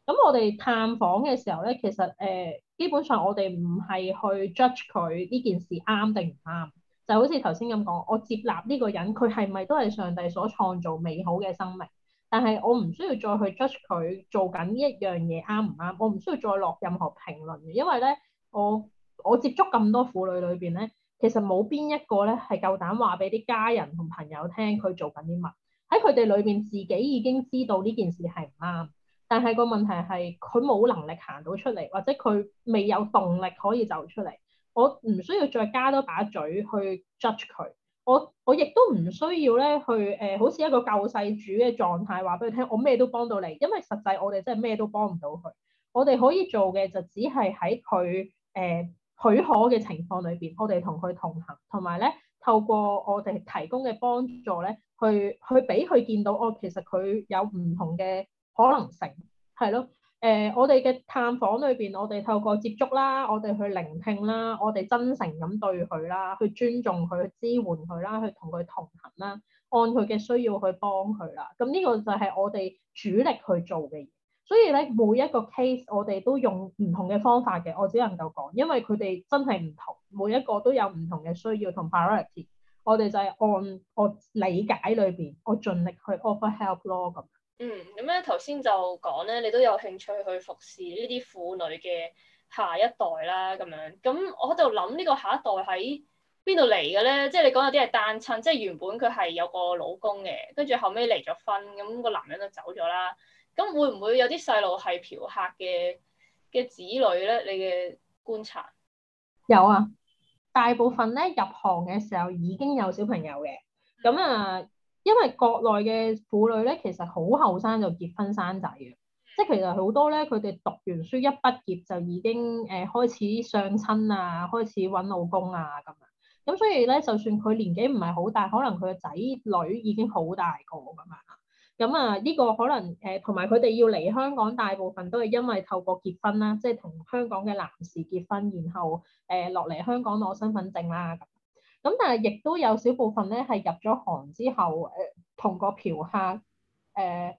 咁我哋探訪嘅時候咧，其實誒、呃，基本上我哋唔係去 judge 佢呢件事啱定唔啱，就好似頭先咁講，我接納呢個人，佢係咪都係上帝所創造美好嘅生命？但係我唔需要再去 judge 佢做緊呢一樣嘢啱唔啱，我唔需要再落任何評論，因為咧，我我接觸咁多婦女裏邊咧。其實冇邊一個咧係夠膽話俾啲家人同朋友聽佢做緊啲乜，喺佢哋裏面自己已經知道呢件事係唔啱，但係個問題係佢冇能力行到出嚟，或者佢未有動力可以走出嚟。我唔需要再加多把嘴去 judge 佢，我我亦都唔需要咧去誒、呃，好似一個救世主嘅狀態話俾佢聽，我咩都幫到你，因為實際我哋真係咩都幫唔到佢。我哋可以做嘅就只係喺佢誒、呃許可嘅情況裏邊，我哋同佢同行，同埋咧，透過我哋提供嘅幫助咧，去去俾佢見到，哦，其實佢有唔同嘅可能性，係咯。誒、呃，我哋嘅探訪裏邊，我哋透過接觸啦，我哋去聆聽啦，我哋真誠咁對佢啦，去尊重佢，去支援佢啦，去同佢同行啦，按佢嘅需要去幫佢啦。咁呢個就係我哋主力去做嘅。所以咧，每一個 case 我哋都用唔同嘅方法嘅，我只能夠講，因為佢哋真係唔同，每一個都有唔同嘅需要同 priority。我哋就係按我理解裏邊，我盡力去 offer help 咯咁。嗯，咁咧頭先就講咧，你都有興趣去服侍呢啲婦女嘅下一代啦，咁樣。咁我喺度諗呢個下一代喺邊度嚟嘅咧？即係你講有啲係單親，即係原本佢係有個老公嘅，跟住後尾離咗婚，咁個男人就走咗啦。咁會唔會有啲細路係嫖客嘅嘅子女咧？你嘅觀察？有啊，大部分咧入行嘅時候已經有小朋友嘅。咁啊、嗯嗯，因為國內嘅婦女咧，其實好後生就結婚生仔啊。即係其實好多咧，佢哋讀完書一畢業就已經誒、呃、開始相親啊，開始揾老公啊咁樣。咁所以咧，就算佢年紀唔係好大，可能佢嘅仔女已經好大個咁啊。咁啊，呢、這個可能誒，同埋佢哋要嚟香港，大部分都係因為透過結婚啦，即係同香港嘅男士結婚，然後誒落嚟香港攞身份證啦。咁，咁但係亦都有少部分咧係入咗行之後，誒、呃、同個嫖客誒、呃、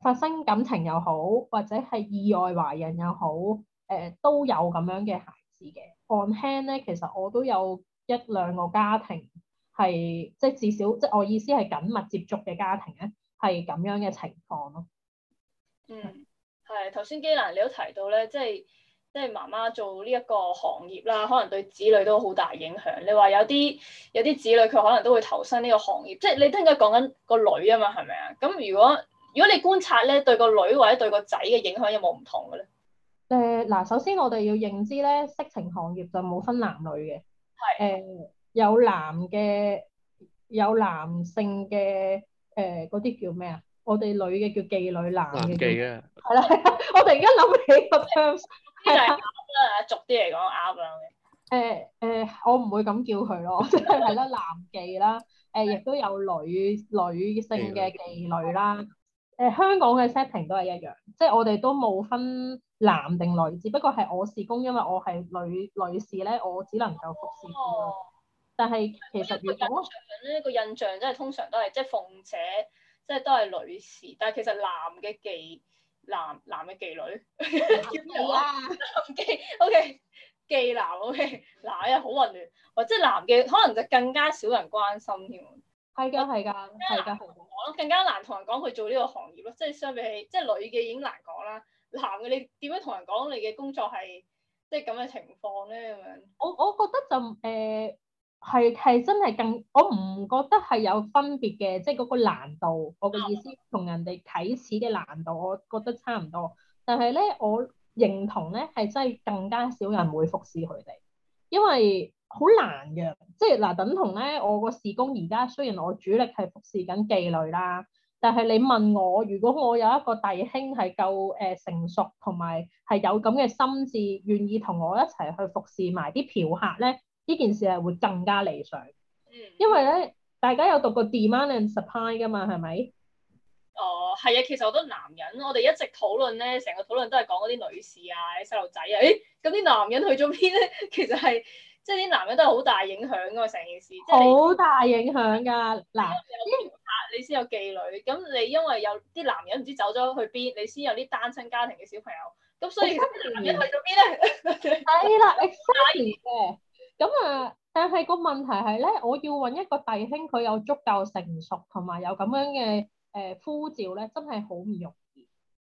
發生感情又好，或者係意外懷孕又好，誒、呃、都有咁樣嘅孩子嘅。on hand 咧，其實我都有一兩個家庭係即係至少即係我意思係緊密接觸嘅家庭咧。係咁樣嘅情況咯。嗯，係頭先基蘭你都提到咧，即係即係媽媽做呢一個行業啦，可能對子女都好大影響。你話有啲有啲子女佢可能都會投身呢個行業，即係你都應該講緊個女啊嘛，係咪啊？咁如果如果你觀察咧，對個女或者對個仔嘅影響有冇唔同嘅咧？誒，嗱，首先我哋要認知咧，色情行業就冇分男女嘅。係。誒、呃，有男嘅，有男性嘅。誒，嗰啲、呃、叫咩啊？我哋女嘅叫妓女，男嘅叫係啦係啦， 我突然間諗起個 terms，呢啲就啱啦，俗啲嚟講啱嘅。誒、呃、誒、呃，我唔會咁叫佢咯， 即係係咯男妓啦，誒、呃、亦都有女女性嘅妓女啦。誒、呃，香港嘅 setting 都係一樣，即係我哋都冇分男定女，只不過係我事工，因為我係女女士咧，我只能夠服侍。哦但係，其實個印象咧，嗰個印象即係通常都係即係鳳姐，即係都係女士。但係其實男嘅妓男男嘅妓女，叫咩 啊？男妓，O K，妓男，O K，嗱，又、okay. 好混亂。或即係男嘅可能就更加少人關心添。係㗎，係㗎，係㗎。我更加難同人講佢做呢個行業咯，即係相比起，即係女嘅已經難講啦。男嘅你點樣同人講你嘅工作係即係咁嘅情況咧？咁樣我我覺得就誒。呃係係真係更，我唔覺得係有分別嘅，即係嗰個難度，我嘅意思同人哋啟齒嘅難度，我覺得差唔多。但係咧，我認同咧係真係更加少人會服侍佢哋，因為好難嘅。即係嗱，等同咧，我個事工而家雖然我主力係服侍緊妓女啦，但係你問我，如果我有一個弟兄係夠誒成熟同埋係有咁嘅心智，願意同我一齊去服侍埋啲嫖客咧？呢件事係會更加理想，嗯，因為咧，大家有讀過 Demand and Supply 噶嘛，係咪？哦，係啊，其實好多男人，我哋一直討論咧，成個討論都係講嗰啲女士啊、細路仔啊，誒，咁啲男人去咗邊咧？其實係，即係啲男人都係好大影響㗎成件事，好大影響㗎。嗱，你有你先有妓女，咁、嗯、你因為有啲男人唔知走咗去邊，你先有啲單親家庭嘅小朋友，咁所以男人去咗邊咧？係啦深，你反而嘅。對 咁啊、嗯，但係個問題係咧，我要搵一個弟兄，佢有足夠成熟同埋有咁樣嘅誒、呃、呼召咧，真係好唔容易。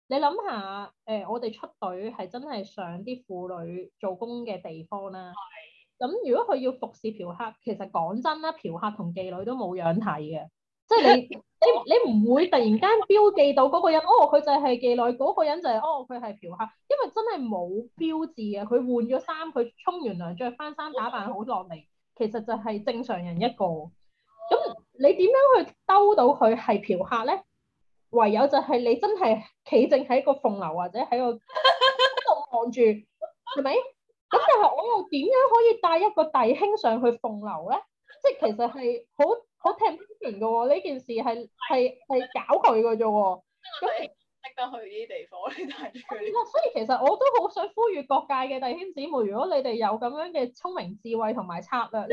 你諗下，誒、呃、我哋出隊係真係上啲婦女做工嘅地方啦。係。咁、嗯、如果佢要服侍嫖客，其實講真啦，嫖客同妓女都冇樣睇嘅。即係你，你你唔會突然間標記到嗰個人，哦，佢就係妓女；嗰、嗰個人就係、係，哦，佢係嫖客。因為真係冇標誌嘅，佢換咗衫，佢沖完涼再翻衫打扮好落嚟，其實就係正常人一個。咁你點樣去兜到佢係嫖客咧？唯有就係你真係企正喺個鳳樓或者喺個度望住，係咪？ 咁但係我又點樣可以帶一個弟兄上去鳳樓咧？即係其實係好。我聽唔明㗎喎，呢件事係係係搞佢㗎啫喎。咁點識得去呢啲地方咧？但佢， 所以其實我都好想呼籲各界嘅弟兄姊妹，如果你哋有咁樣嘅聰明智慧同埋策略，我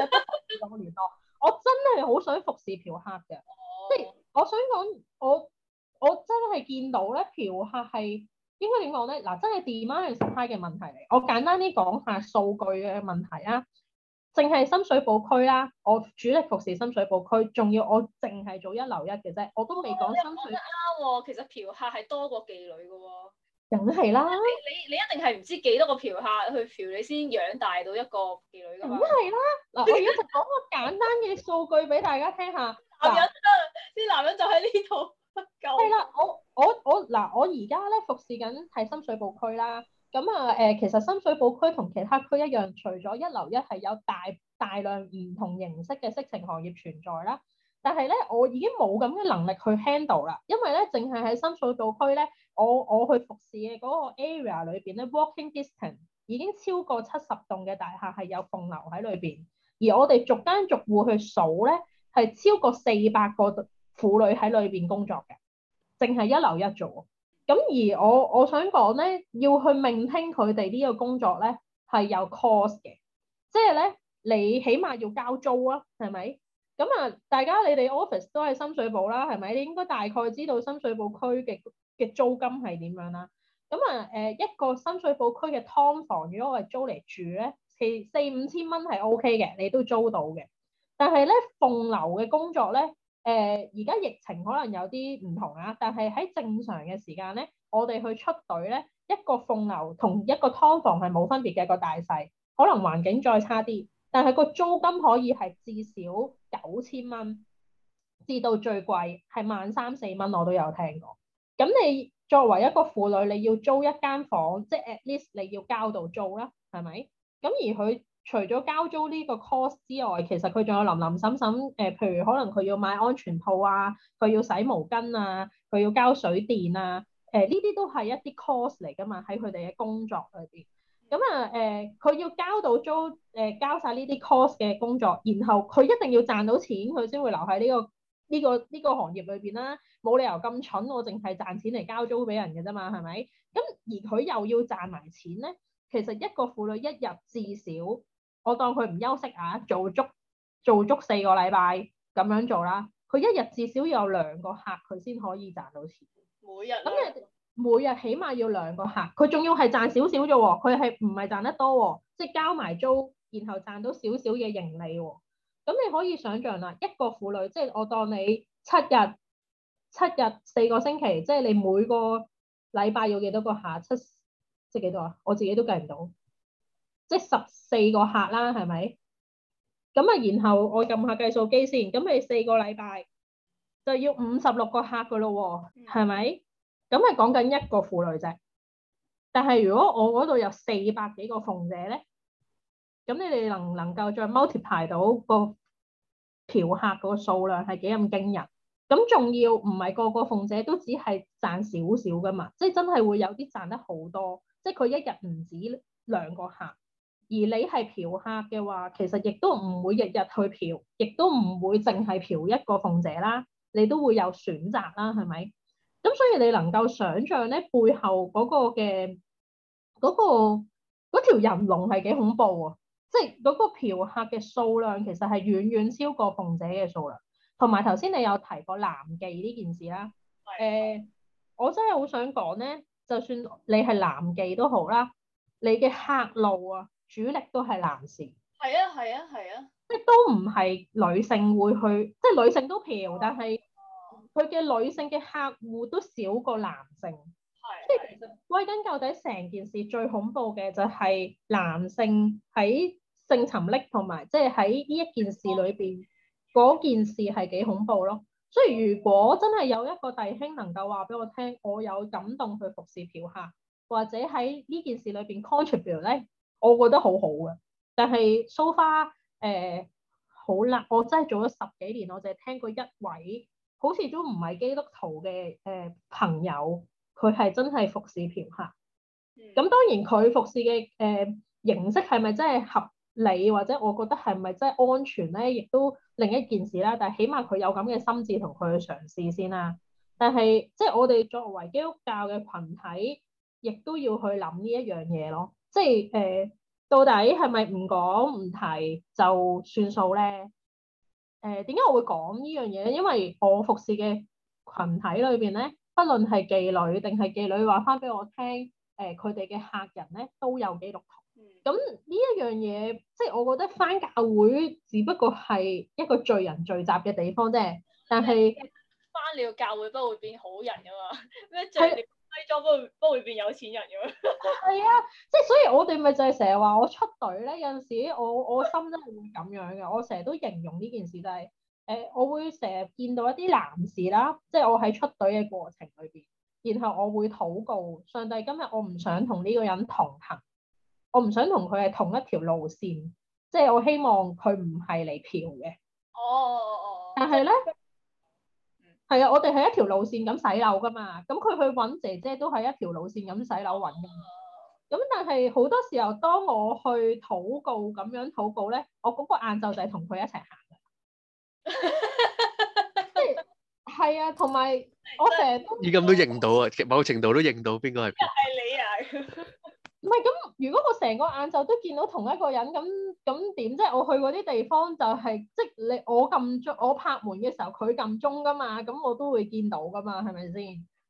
聯絡我真係好想服侍嫖客嘅，哦、即係我想講，我我真係見到咧，嫖客係應該點講咧？嗱，真係 demand side 嘅問題嚟。我簡單啲講下數據嘅問題啊。淨係深水埗區啦，我主力服侍深水埗區，仲要我淨係做一留一嘅啫，我都未講深水埗。啱喎，其實嫖客係多過妓女嘅喎。梗係啦。你你，你一定係唔知幾多個嫖客去嫖你先養大到一個妓女㗎嘛。梗係啦。嗱，我而家講個簡單嘅數據俾 大家聽下。男人，啲說男人就喺呢度。係 啦，我我我嗱，我而家咧服侍緊係深水埗區啦。咁啊，誒，其實深水埗區同其他區一樣，除咗一樓一係有大大量唔同形式嘅色情行業存在啦，但係咧，我已經冇咁嘅能力去 handle 啦，因為咧，淨係喺深水埗區咧，我我去服侍嘅嗰個 area 裏邊咧，walking distance 已經超過七十棟嘅大廈係有鳳樓喺裏邊，而我哋逐間逐戶去數咧，係超過四百個婦女喺裏邊工作嘅，淨係一樓一做。咁而我我想講咧，要去命聽佢哋呢個工作咧係有 cost 嘅，即係咧你起碼要交租啊，係咪？咁啊，大家你哋 office 都喺深水埗啦，係咪？你應該大概知道深水埗區嘅嘅租金係點樣啦。咁啊，誒、呃、一個深水埗區嘅劏房，如果我係租嚟住咧，四四五千蚊係 OK 嘅，你都租到嘅。但係咧，鳳樓嘅工作咧。誒而家疫情可能有啲唔同啊，但係喺正常嘅時間咧，我哋去出隊咧，一個鳳樓同一個劏房係冇分別嘅，一個大細可能環境再差啲，但係個租金可以係至少九千蚊，至到最貴係萬三四蚊，我都有聽過。咁你作為一個婦女，你要租一間房，即係 at least 你要交到租啦，係咪？咁而佢。除咗交租呢個 cost 之外，其實佢仲有林林總總誒，譬如可能佢要買安全套啊，佢要洗毛巾啊，佢要交水電啊，誒呢啲都係一啲 cost 嚟㗎嘛，喺佢哋嘅工作裏邊。咁啊誒，佢、呃、要交到租誒、呃，交晒呢啲 cost 嘅工作，然後佢一定要賺到錢，佢先會留喺呢、呢個呢、呢個呢、呢個行業裏邊啦。冇理由咁蠢，我淨係賺錢嚟交租俾人嘅啫嘛，係咪？咁而佢又要賺埋錢咧，其實一個婦女一日至少～我當佢唔休息啊，做足做足四個禮拜咁樣做啦。佢一日至少要有兩個客，佢先可以賺到錢。每日咁你每日起碼要兩個客，佢仲要係賺少少啫喎。佢係唔係賺得多喎？即係交埋租，然後賺到少少嘅盈利喎。咁你可以想象啦，一個婦女即係、就是、我當你七日七日四個星期，即、就、係、是、你每個禮拜要幾多個客？七即係幾多啊？我自己都計唔到。即十四個客啦，係咪？咁啊，然後我撳下計數機先。咁你四個禮拜就要五十六個客噶咯喎，係咪？咁係講緊一個婦女啫。但係如果我嗰度有四百幾個鳳姐咧，咁你哋能唔能夠再 multiply 到個嫖客嗰個數量係幾咁驚人？咁仲要唔係個個鳳姐都只係賺少少噶嘛？即真係會有啲賺得好多，即佢一日唔止兩個客。而你係嫖客嘅話，其實亦都唔會日日去嫖，亦都唔會淨係嫖一個鳳姐啦，你都會有選擇啦，係咪？咁所以你能夠想像咧，背後嗰個嘅嗰、嗰個條人龍係幾恐怖啊！即係嗰個嫖客嘅數量其實係遠遠超過鳳姐嘅數量。同埋頭先你有提過男妓呢件事啦、啊，誒的、欸，我真係好想講咧，就算你係男妓都好啦，你嘅客路啊～主力都係男士，係啊係啊係啊，即係都唔係女性會去，即、就、係、是、女性都嫖，哦、但係佢嘅女性嘅客戶都少過男性，係即係其實歸根究底成件事最恐怖嘅就係男性喺性沉溺同埋即係喺呢一件事裏邊嗰件事係幾恐怖咯。所以如果真係有一個弟兄能夠話俾我聽，我有感動去服侍嫖客，或者喺呢件事裏邊 contribute 咧我覺得好好嘅，但係蘇花誒好啦，我真係做咗十幾年，我淨係聽過一位，好似都唔係基督徒嘅誒、呃、朋友，佢係真係服侍嫖客。咁當然佢服侍嘅誒、呃、形式係咪真係合理，或者我覺得係咪真係安全咧，亦都另一件事啦。但係起碼佢有咁嘅心智同佢去嘗試先啦。但係即係我哋作為基督教嘅群體，亦都要去諗呢一樣嘢咯。即係誒、呃，到底係咪唔講唔提就算數咧？誒、呃，點解我會講呢樣嘢咧？因為我服侍嘅群體裏邊咧，不論係妓女定係妓女話翻俾我聽，誒、呃，佢哋嘅客人咧都有基督徒。咁呢一樣嘢，即係我覺得翻教會只不過係一個罪人聚集嘅地方啫。但係翻了教會不會變好人噶嘛、啊？咩罪人？低咗都唔，都會變有錢人咁樣。係 啊楽，即係，所以我哋咪就係成日話我出隊咧。有陣時我，我我心都係會咁樣嘅。我成日都形容呢件事就係，誒、欸，我會成日見到一啲男士啦，即係我喺出隊嘅過程裏邊，然後我會禱告，上帝今日我唔想同呢個人同行，我唔想同佢係同一條路線，即係我希望佢唔係嚟嫖嘅。哦哦哦哦。但係咧。哦哦哦 係啊，我哋係一條路線咁洗樓噶嘛，咁佢去揾姐姐都係一條路線咁洗樓揾噶嘛。咁但係好多時候，當我去禱告咁樣禱告咧，我嗰個晏晝就係同佢一齊行。即係係啊，同埋我成日都依家都認到啊，某程度都認到邊個係？係你啊！唔係咁，如果我成個晏晝都見到同一個人，咁咁點？即係、就是、我去嗰啲地方就係、是，即係你我撳鐘，我拍門嘅時候，佢撳鐘噶嘛，咁我都會見到噶嘛，係咪先？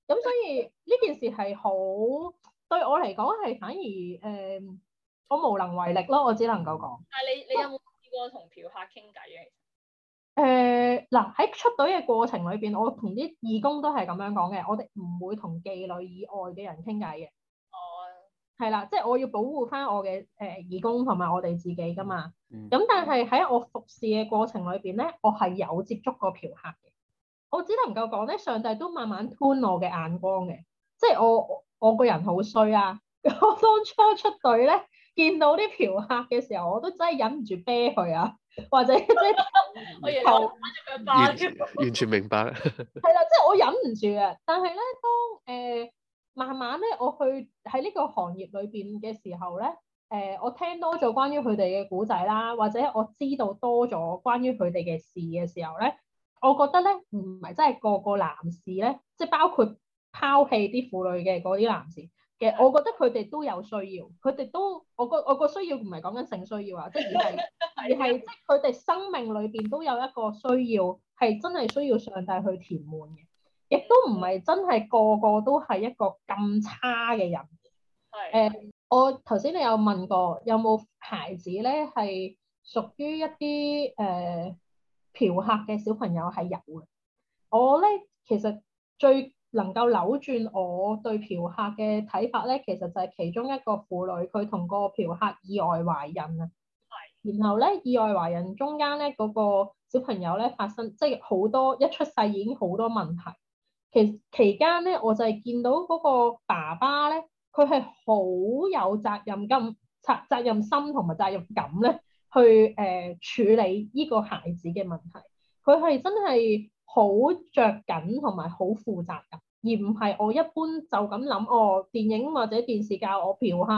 咁所以呢、嗯、件事係好對我嚟講係反而誒、呃，我無能為力咯，我只能夠講。但係你你有冇試過同嫖客傾偈嘅？誒嗱，喺、呃、出隊嘅過程裏邊，我同啲義工都係咁樣講嘅，我哋唔會同妓女以外嘅人傾偈嘅。係啦，即係我要保護翻我嘅誒、呃、義工同埋我哋自己噶嘛。咁、嗯嗯嗯、但係喺我服侍嘅過程裏邊咧，我係有接觸過嫖客嘅。我只能夠講咧，上帝都慢慢吞我嘅眼光嘅，即係我我個人好衰啊！我當初出隊咧，見到啲嫖客嘅時候，我都真係忍唔住啤佢啊，或者即係頭完全明白。係 啦，即係我忍唔住啊。但係咧，當誒。當呃呃慢慢咧，我去喺呢個行業裏邊嘅時候咧，誒、呃，我聽多咗關於佢哋嘅古仔啦，或者我知道多咗關於佢哋嘅事嘅時候咧，我覺得咧，唔係真係個個男士咧，即係包括拋棄啲婦女嘅嗰啲男士嘅，我覺得佢哋都有需要，佢哋都我個我個需要唔係講緊性需要啊，即係而係 而係即係佢哋生命裏邊都有一個需要，係真係需要上帝去填滿嘅。.亦都唔係真係個個都係一個咁差嘅人。係。誒，呃，我頭先你有問過有冇孩子咧，係屬於一啲誒嫖客嘅小朋友係有嘅。我咧其實最能夠扭轉我對嫖客嘅睇法咧，其實就係其中一個婦女佢同個嫖客意外懷孕啊。係。然後咧意外懷孕中間咧，嗰個小朋友咧發生即係好多一出世已經好多問題。其期間咧，我就係見到嗰個爸爸咧，佢係好有責任感、責責任心同埋責任感咧，去誒、呃、處理呢個孩子嘅問題。佢係真係好着緊同埋好負責㗎，而唔係我一般就咁諗哦，電影或者電視教我嫖客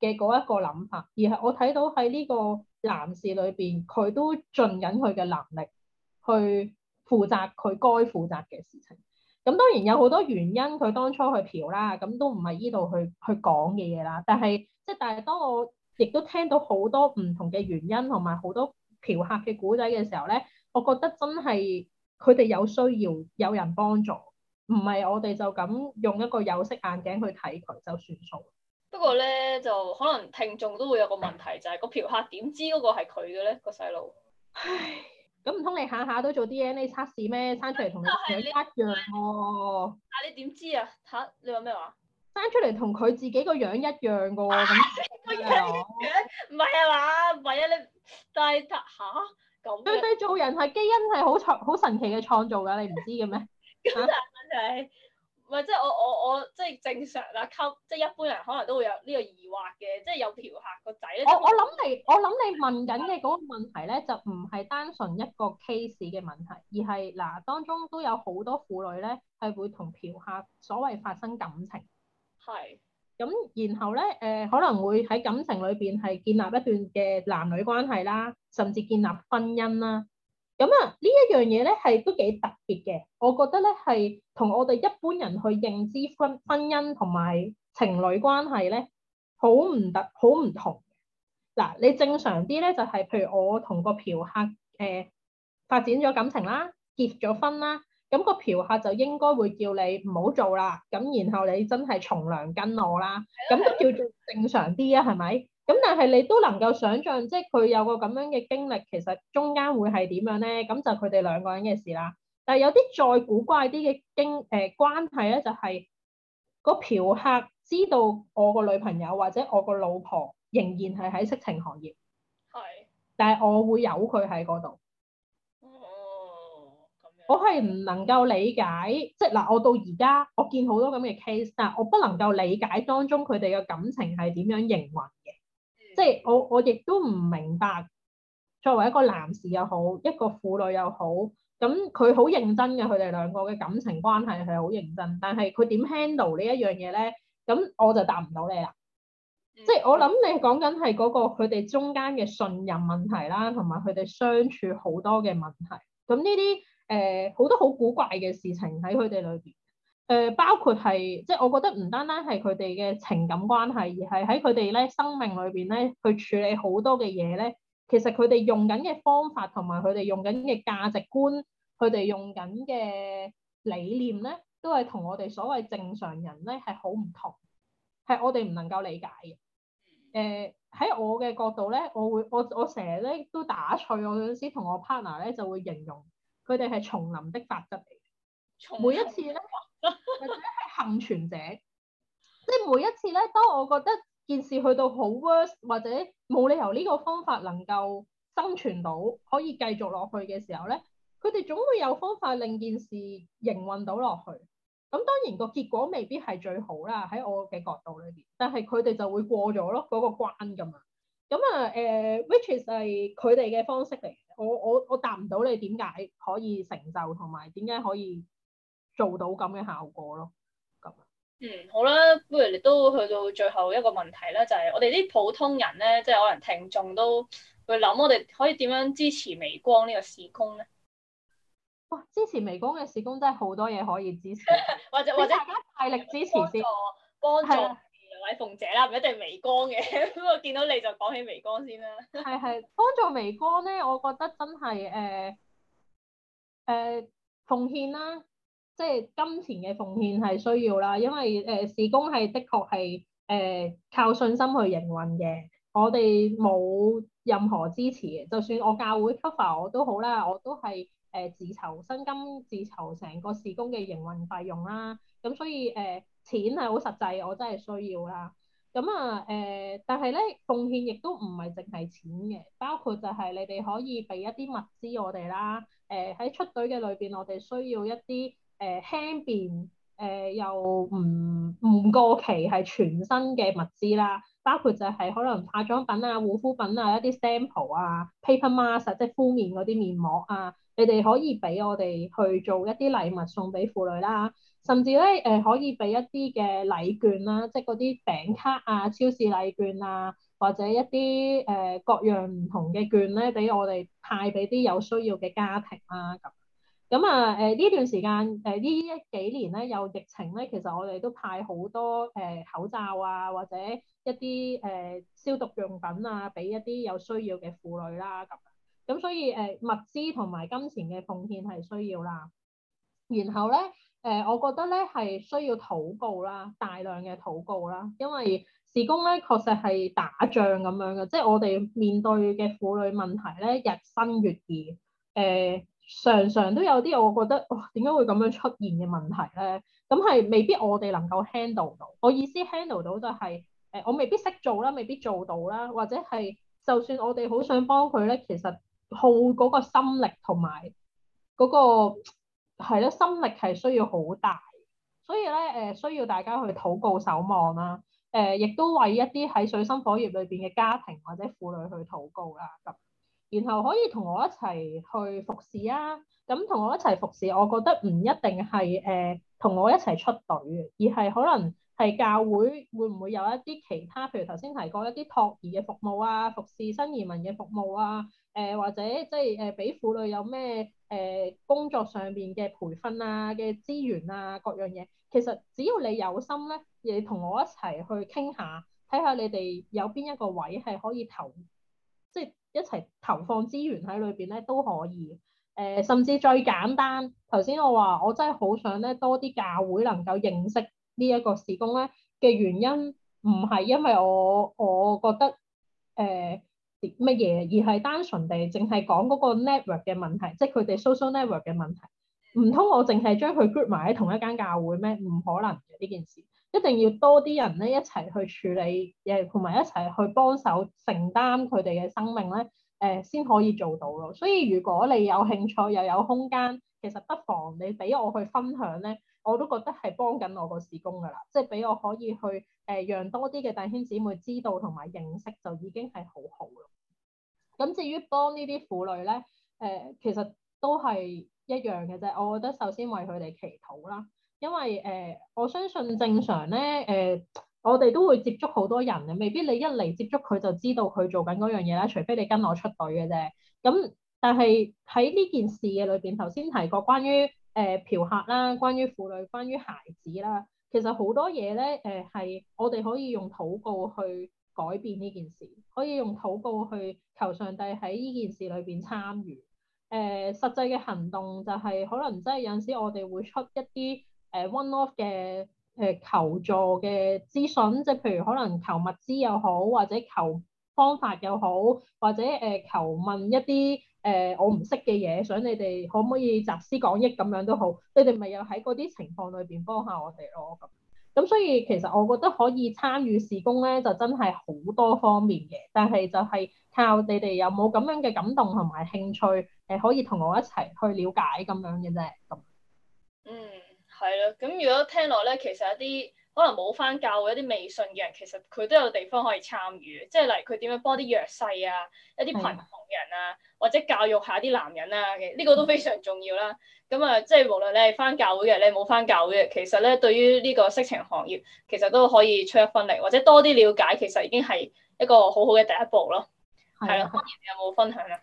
嘅嗰一個諗法，而係我睇到喺呢個男士裏邊，佢都盡緊佢嘅能力去負責佢該負責嘅事情。咁當然有好多原因，佢當初去嫖啦，咁都唔係依度去去講嘅嘢啦。但係即係，但係當我亦都聽到好多唔同嘅原因，同埋好多嫖客嘅古仔嘅時候咧，我覺得真係佢哋有需要，有人幫助，唔係我哋就咁用一個有色眼鏡去睇佢就算數。不過咧，就可能聽眾都會有個問題，就係個嫖客點知嗰個係佢嘅咧，個細路。唉咁唔通你下下都做 DNA 測試咩？生出嚟同你一樣喎。你點知啊？吓，你話咩話？生出嚟同佢自己個樣一樣噶喎。咁啲唔係啊嘛，唔係啊，你但係得下？咁。對對，做人係基因係好創好神奇嘅創造噶，你唔知嘅咩？咁問題。啊唔係即係我我我即係正常啦，溝即係一般人可能都會有呢個疑惑嘅，即係有嫖客個仔咧。我我諗你，我諗你問緊嘅嗰個問題咧，就唔係單純一個 case 嘅問題，而係嗱當中都有好多婦女咧係會同嫖客所謂發生感情。係。咁然後咧，誒、呃、可能會喺感情裏邊係建立一段嘅男女關係啦，甚至建立婚姻啦。咁啊，呢一樣嘢咧係都幾特別嘅，我覺得咧係同我哋一般人去認知婚婚姻同埋情侶關係咧，好唔特好唔同。嗱，你正常啲咧就係、是，譬如我同個嫖客誒、呃、發展咗感情啦，結咗婚啦，咁、那個嫖客就應該會叫你唔好做啦，咁然後你真係從良跟我啦，咁都叫做正常啲啊，係咪？咁但係你都能夠想像，即係佢有個咁樣嘅經歷，其實中間會係點樣咧？咁就佢哋兩個人嘅事啦。但係有啲再古怪啲嘅經誒、呃、關係咧、就係，就係個嫖客知道我個女朋友或者我個老婆仍然係喺色情行業，係的，但係我會由佢喺嗰度。哦，咁樣。我係唔能夠理解，即係嗱，我到而家我見好多咁嘅 case，但我不能夠理解當中佢哋嘅感情係點樣營運。即係我我亦都唔明白，作為一個男士又好，一個婦女又好，咁佢好認真嘅，佢哋兩個嘅感情關係係好認真，但係佢點 handle 呢一樣嘢咧？咁我就答唔到你啦。嗯、即係我諗你講緊係嗰個佢哋中間嘅信任問題啦，同埋佢哋相處好多嘅問題。咁呢啲誒好多好古怪嘅事情喺佢哋裏邊。誒、呃，包括係即係，我覺得唔單單係佢哋嘅情感關係，而係喺佢哋咧生命裏邊咧，去處理好多嘅嘢咧。其實佢哋用緊嘅方法同埋佢哋用緊嘅價值觀，佢哋用緊嘅理念咧，都係同我哋所謂正常人咧係好唔同，係我哋唔能夠理解嘅。誒、呃，喺我嘅角度咧，我會我我成日咧都打趣我嗰陣時同我 partner 咧就會形容佢哋係叢林的法則嚟嘅，從每一次咧。嗯 或者係幸存者，即係每一次咧，當我覺得件事去到好 worse 或者冇理由呢個方法能夠生存到可以繼續落去嘅時候咧，佢哋總會有方法令件事營運到落去。咁當然個結果未必係最好啦，喺我嘅角度裏邊，但係佢哋就會過咗咯嗰個關咁啊。咁啊，誒，uh，which is 係佢哋嘅方式嚟。我我我答唔到你點解可以成就同埋點解可以。做到咁嘅效果咯，咁，嗯，好啦，不如你都去到最後一個問題啦。就係、是、我哋啲普通人咧，即係可能聽眾都會諗，我哋可以點樣支持微光呢個事工咧？哇、哦！支持微光嘅事工真係好多嘢可以支持， 或者或者大家大力支持先，幫助位鳳姐啦，唔、啊、一定微光嘅，不 過見到你就講起微光先啦。係係、啊，幫助微光咧，我覺得真係誒誒奉獻啦。即係金錢嘅奉獻係需要啦，因為誒事工係的確係誒、呃、靠信心去營運嘅，我哋冇任何支持，就算我教會 cover 我都好啦，我都係誒、呃、自籌薪金、自籌成個事工嘅營運費用啦。咁所以誒、呃、錢係好實際，我真係需要啦。咁啊誒、呃，但係咧奉獻亦都唔係淨係錢嘅，包括就係你哋可以俾一啲物資我哋啦。誒、呃、喺出隊嘅裏邊，我哋需要一啲。誒、呃、輕便，誒、呃、又唔唔過期，係全新嘅物資啦。包括就係可能化妝品啊、護膚品啊、一啲 sample 啊、paper mask、啊、即係敷面嗰啲面膜啊。你哋可以俾我哋去做一啲禮物送俾婦女啦。甚至咧，誒、呃、可以俾一啲嘅禮券啦、啊，即係嗰啲餅卡啊、超市禮券啊，或者一啲誒、呃、各樣唔同嘅券咧，俾我哋派俾啲有需要嘅家庭啊。咁。咁啊，誒呢、呃、段時間，誒、呃、呢一幾年咧，有疫情咧，其實我哋都派好多誒、呃、口罩啊，或者一啲誒、呃、消毒用品啊，俾一啲有需要嘅婦女啦，咁咁所以誒、呃、物資同埋金錢嘅奉獻係需要啦。然後咧，誒、呃、我覺得咧係需要禱告啦，大量嘅禱告啦，因為事工咧確實係打仗咁樣嘅，即係我哋面對嘅婦女問題咧日新月異，誒、呃。常常都有啲我覺得，哇、哦，點解會咁樣出現嘅問題咧？咁係未必我哋能夠 handle 到。我意思 handle 到就係，誒，我未必識做啦，未必做到啦，或者係就算我哋好想幫佢咧，其實耗嗰個心力同埋嗰個係咯，心力係需要好大，所以咧，誒、呃，需要大家去禱告守望啦，誒、呃，亦都為一啲喺水深火熱裏邊嘅家庭或者婦女去禱告啦，咁。然後可以同我一齊去服侍啊！咁同我一齊服侍，我覺得唔一定係誒同我一齊出隊嘅，而係可能係教會會唔會有一啲其他，譬如頭先提過一啲托兒嘅服務啊，服侍新移民嘅服務啊，誒、呃、或者即係誒俾婦女有咩誒、呃、工作上面嘅培訓啊、嘅資源啊、各樣嘢。其實只要你有心咧，你同我一齊去傾下，睇下你哋有邊一個位係可以投。即係一齊投放資源喺裏邊咧都可以，誒、呃、甚至最簡單，頭先我話我真係好想咧多啲教會能夠認識呢一個事工咧嘅原因，唔係因為我我覺得誒乜嘢，而係單純地淨係講嗰個 network 嘅問題，即係佢哋 social network 嘅問題，唔通我淨係將佢 group 埋喺同一間教會咩？唔可能嘅呢件事。一定要多啲人咧一齊去處理，誒同埋一齊去幫手承擔佢哋嘅生命咧，誒、呃、先可以做到咯。所以如果你有興趣又有空間，其實不妨你俾我去分享咧，我都覺得係幫緊我個事工噶啦。即係俾我可以去誒、呃，讓多啲嘅弟兄姊妹知道同埋認識，就已經係好好咯。咁至於幫呢啲婦女咧，誒、呃、其實都係一樣嘅啫。我覺得首先為佢哋祈禱啦。因為誒、呃，我相信正常咧，誒、呃，我哋都會接觸好多人啊，未必你一嚟接觸佢就知道佢做緊嗰樣嘢啦，除非你跟我出隊嘅啫。咁，但係喺呢件事嘅裏邊，頭先提過關於誒、呃、嫖客啦，關於婦女、關於孩子啦，其實好多嘢咧，誒、呃、係我哋可以用禱告去改變呢件事，可以用禱告去求上帝喺呢件事裏邊參與。誒、呃，實際嘅行動就係、是、可能真係有時我哋會出一啲。誒 one off 嘅誒、呃、求助嘅資訊，即係譬如可能求物資又好，或者求方法又好，或者誒、呃、求問一啲誒、呃、我唔識嘅嘢，想你哋可唔可以集思廣益咁樣都好，你哋咪又喺嗰啲情況裏邊幫下我哋咯咁。咁所以其實我覺得可以參與事工咧，就真係好多方面嘅，但係就係靠你哋有冇咁樣嘅感動同埋興趣，誒、呃、可以同我一齊去了解咁樣嘅啫。嗯。係啦，咁如果聽落咧，其實一啲可能冇翻教會、一啲未信嘅人，其實佢都有地方可以參與，即係例如佢點樣幫啲弱勢啊，一啲貧窮人啊，嗯、或者教育一下啲男人啊，呢個都非常重要啦。咁啊，嗯、即係無論你係翻教會嘅，你冇翻教會嘅，其實咧，對於呢個色情行業，其實都可以出一分力，或者多啲了解，其實已經係一個好好嘅第一步咯。係啦的，阿賢有冇分享咧？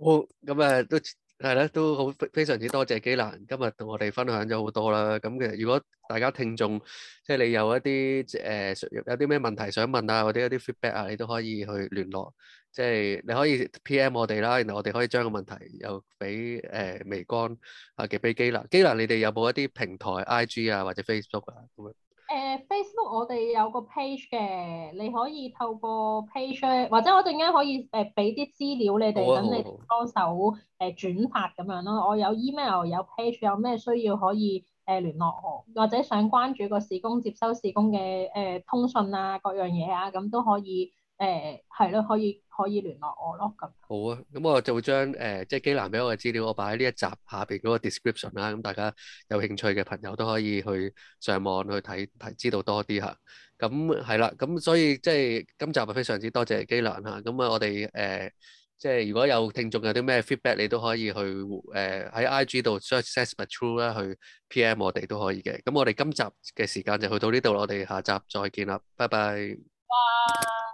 好，咁啊，都。係咧，都好非常之多謝基蘭，今日同我哋分享咗好多啦。咁其實如果大家聽眾，即係你有一啲誒、呃、有啲咩問題想問啊，或者有啲 feedback 啊，你都可以去聯絡，即係你可以 PM 我哋啦，然後我哋可以將個問題又俾誒、呃、微光啊嘅俾基蘭。基蘭，你哋有冇一啲平台 IG 啊，或者 Facebook 啊咁樣？誒 Facebook 我哋有個 page 嘅，你可以透過 page 或者我陣間可以誒俾啲資料、啊、你哋，等你哋幫手誒轉發咁樣咯。我有 email 有 page，有咩需要可以誒聯絡我，或者想關注個市工接收市工嘅誒通訊啊，各樣嘢啊，咁都可以。誒係咯，可以可以聯絡我咯咁。好啊，咁我就將誒即係基蘭俾我嘅資料，我擺喺呢一集下邊嗰個 description 啦。咁、嗯、大家有興趣嘅朋友都可以去上網去睇睇，知道多啲嚇、啊。咁係啦，咁、嗯、所以即係今集係，非常之多謝基蘭嚇。咁啊，嗯、我哋誒、呃、即係如果有聽眾有啲咩 feedback，你都可以去誒喺、呃、I G 度 search Seth m a t u e 啦，去 P M 我哋都可以嘅。咁我哋今集嘅時間就去到呢度啦，我哋下集再見啦，拜拜。bye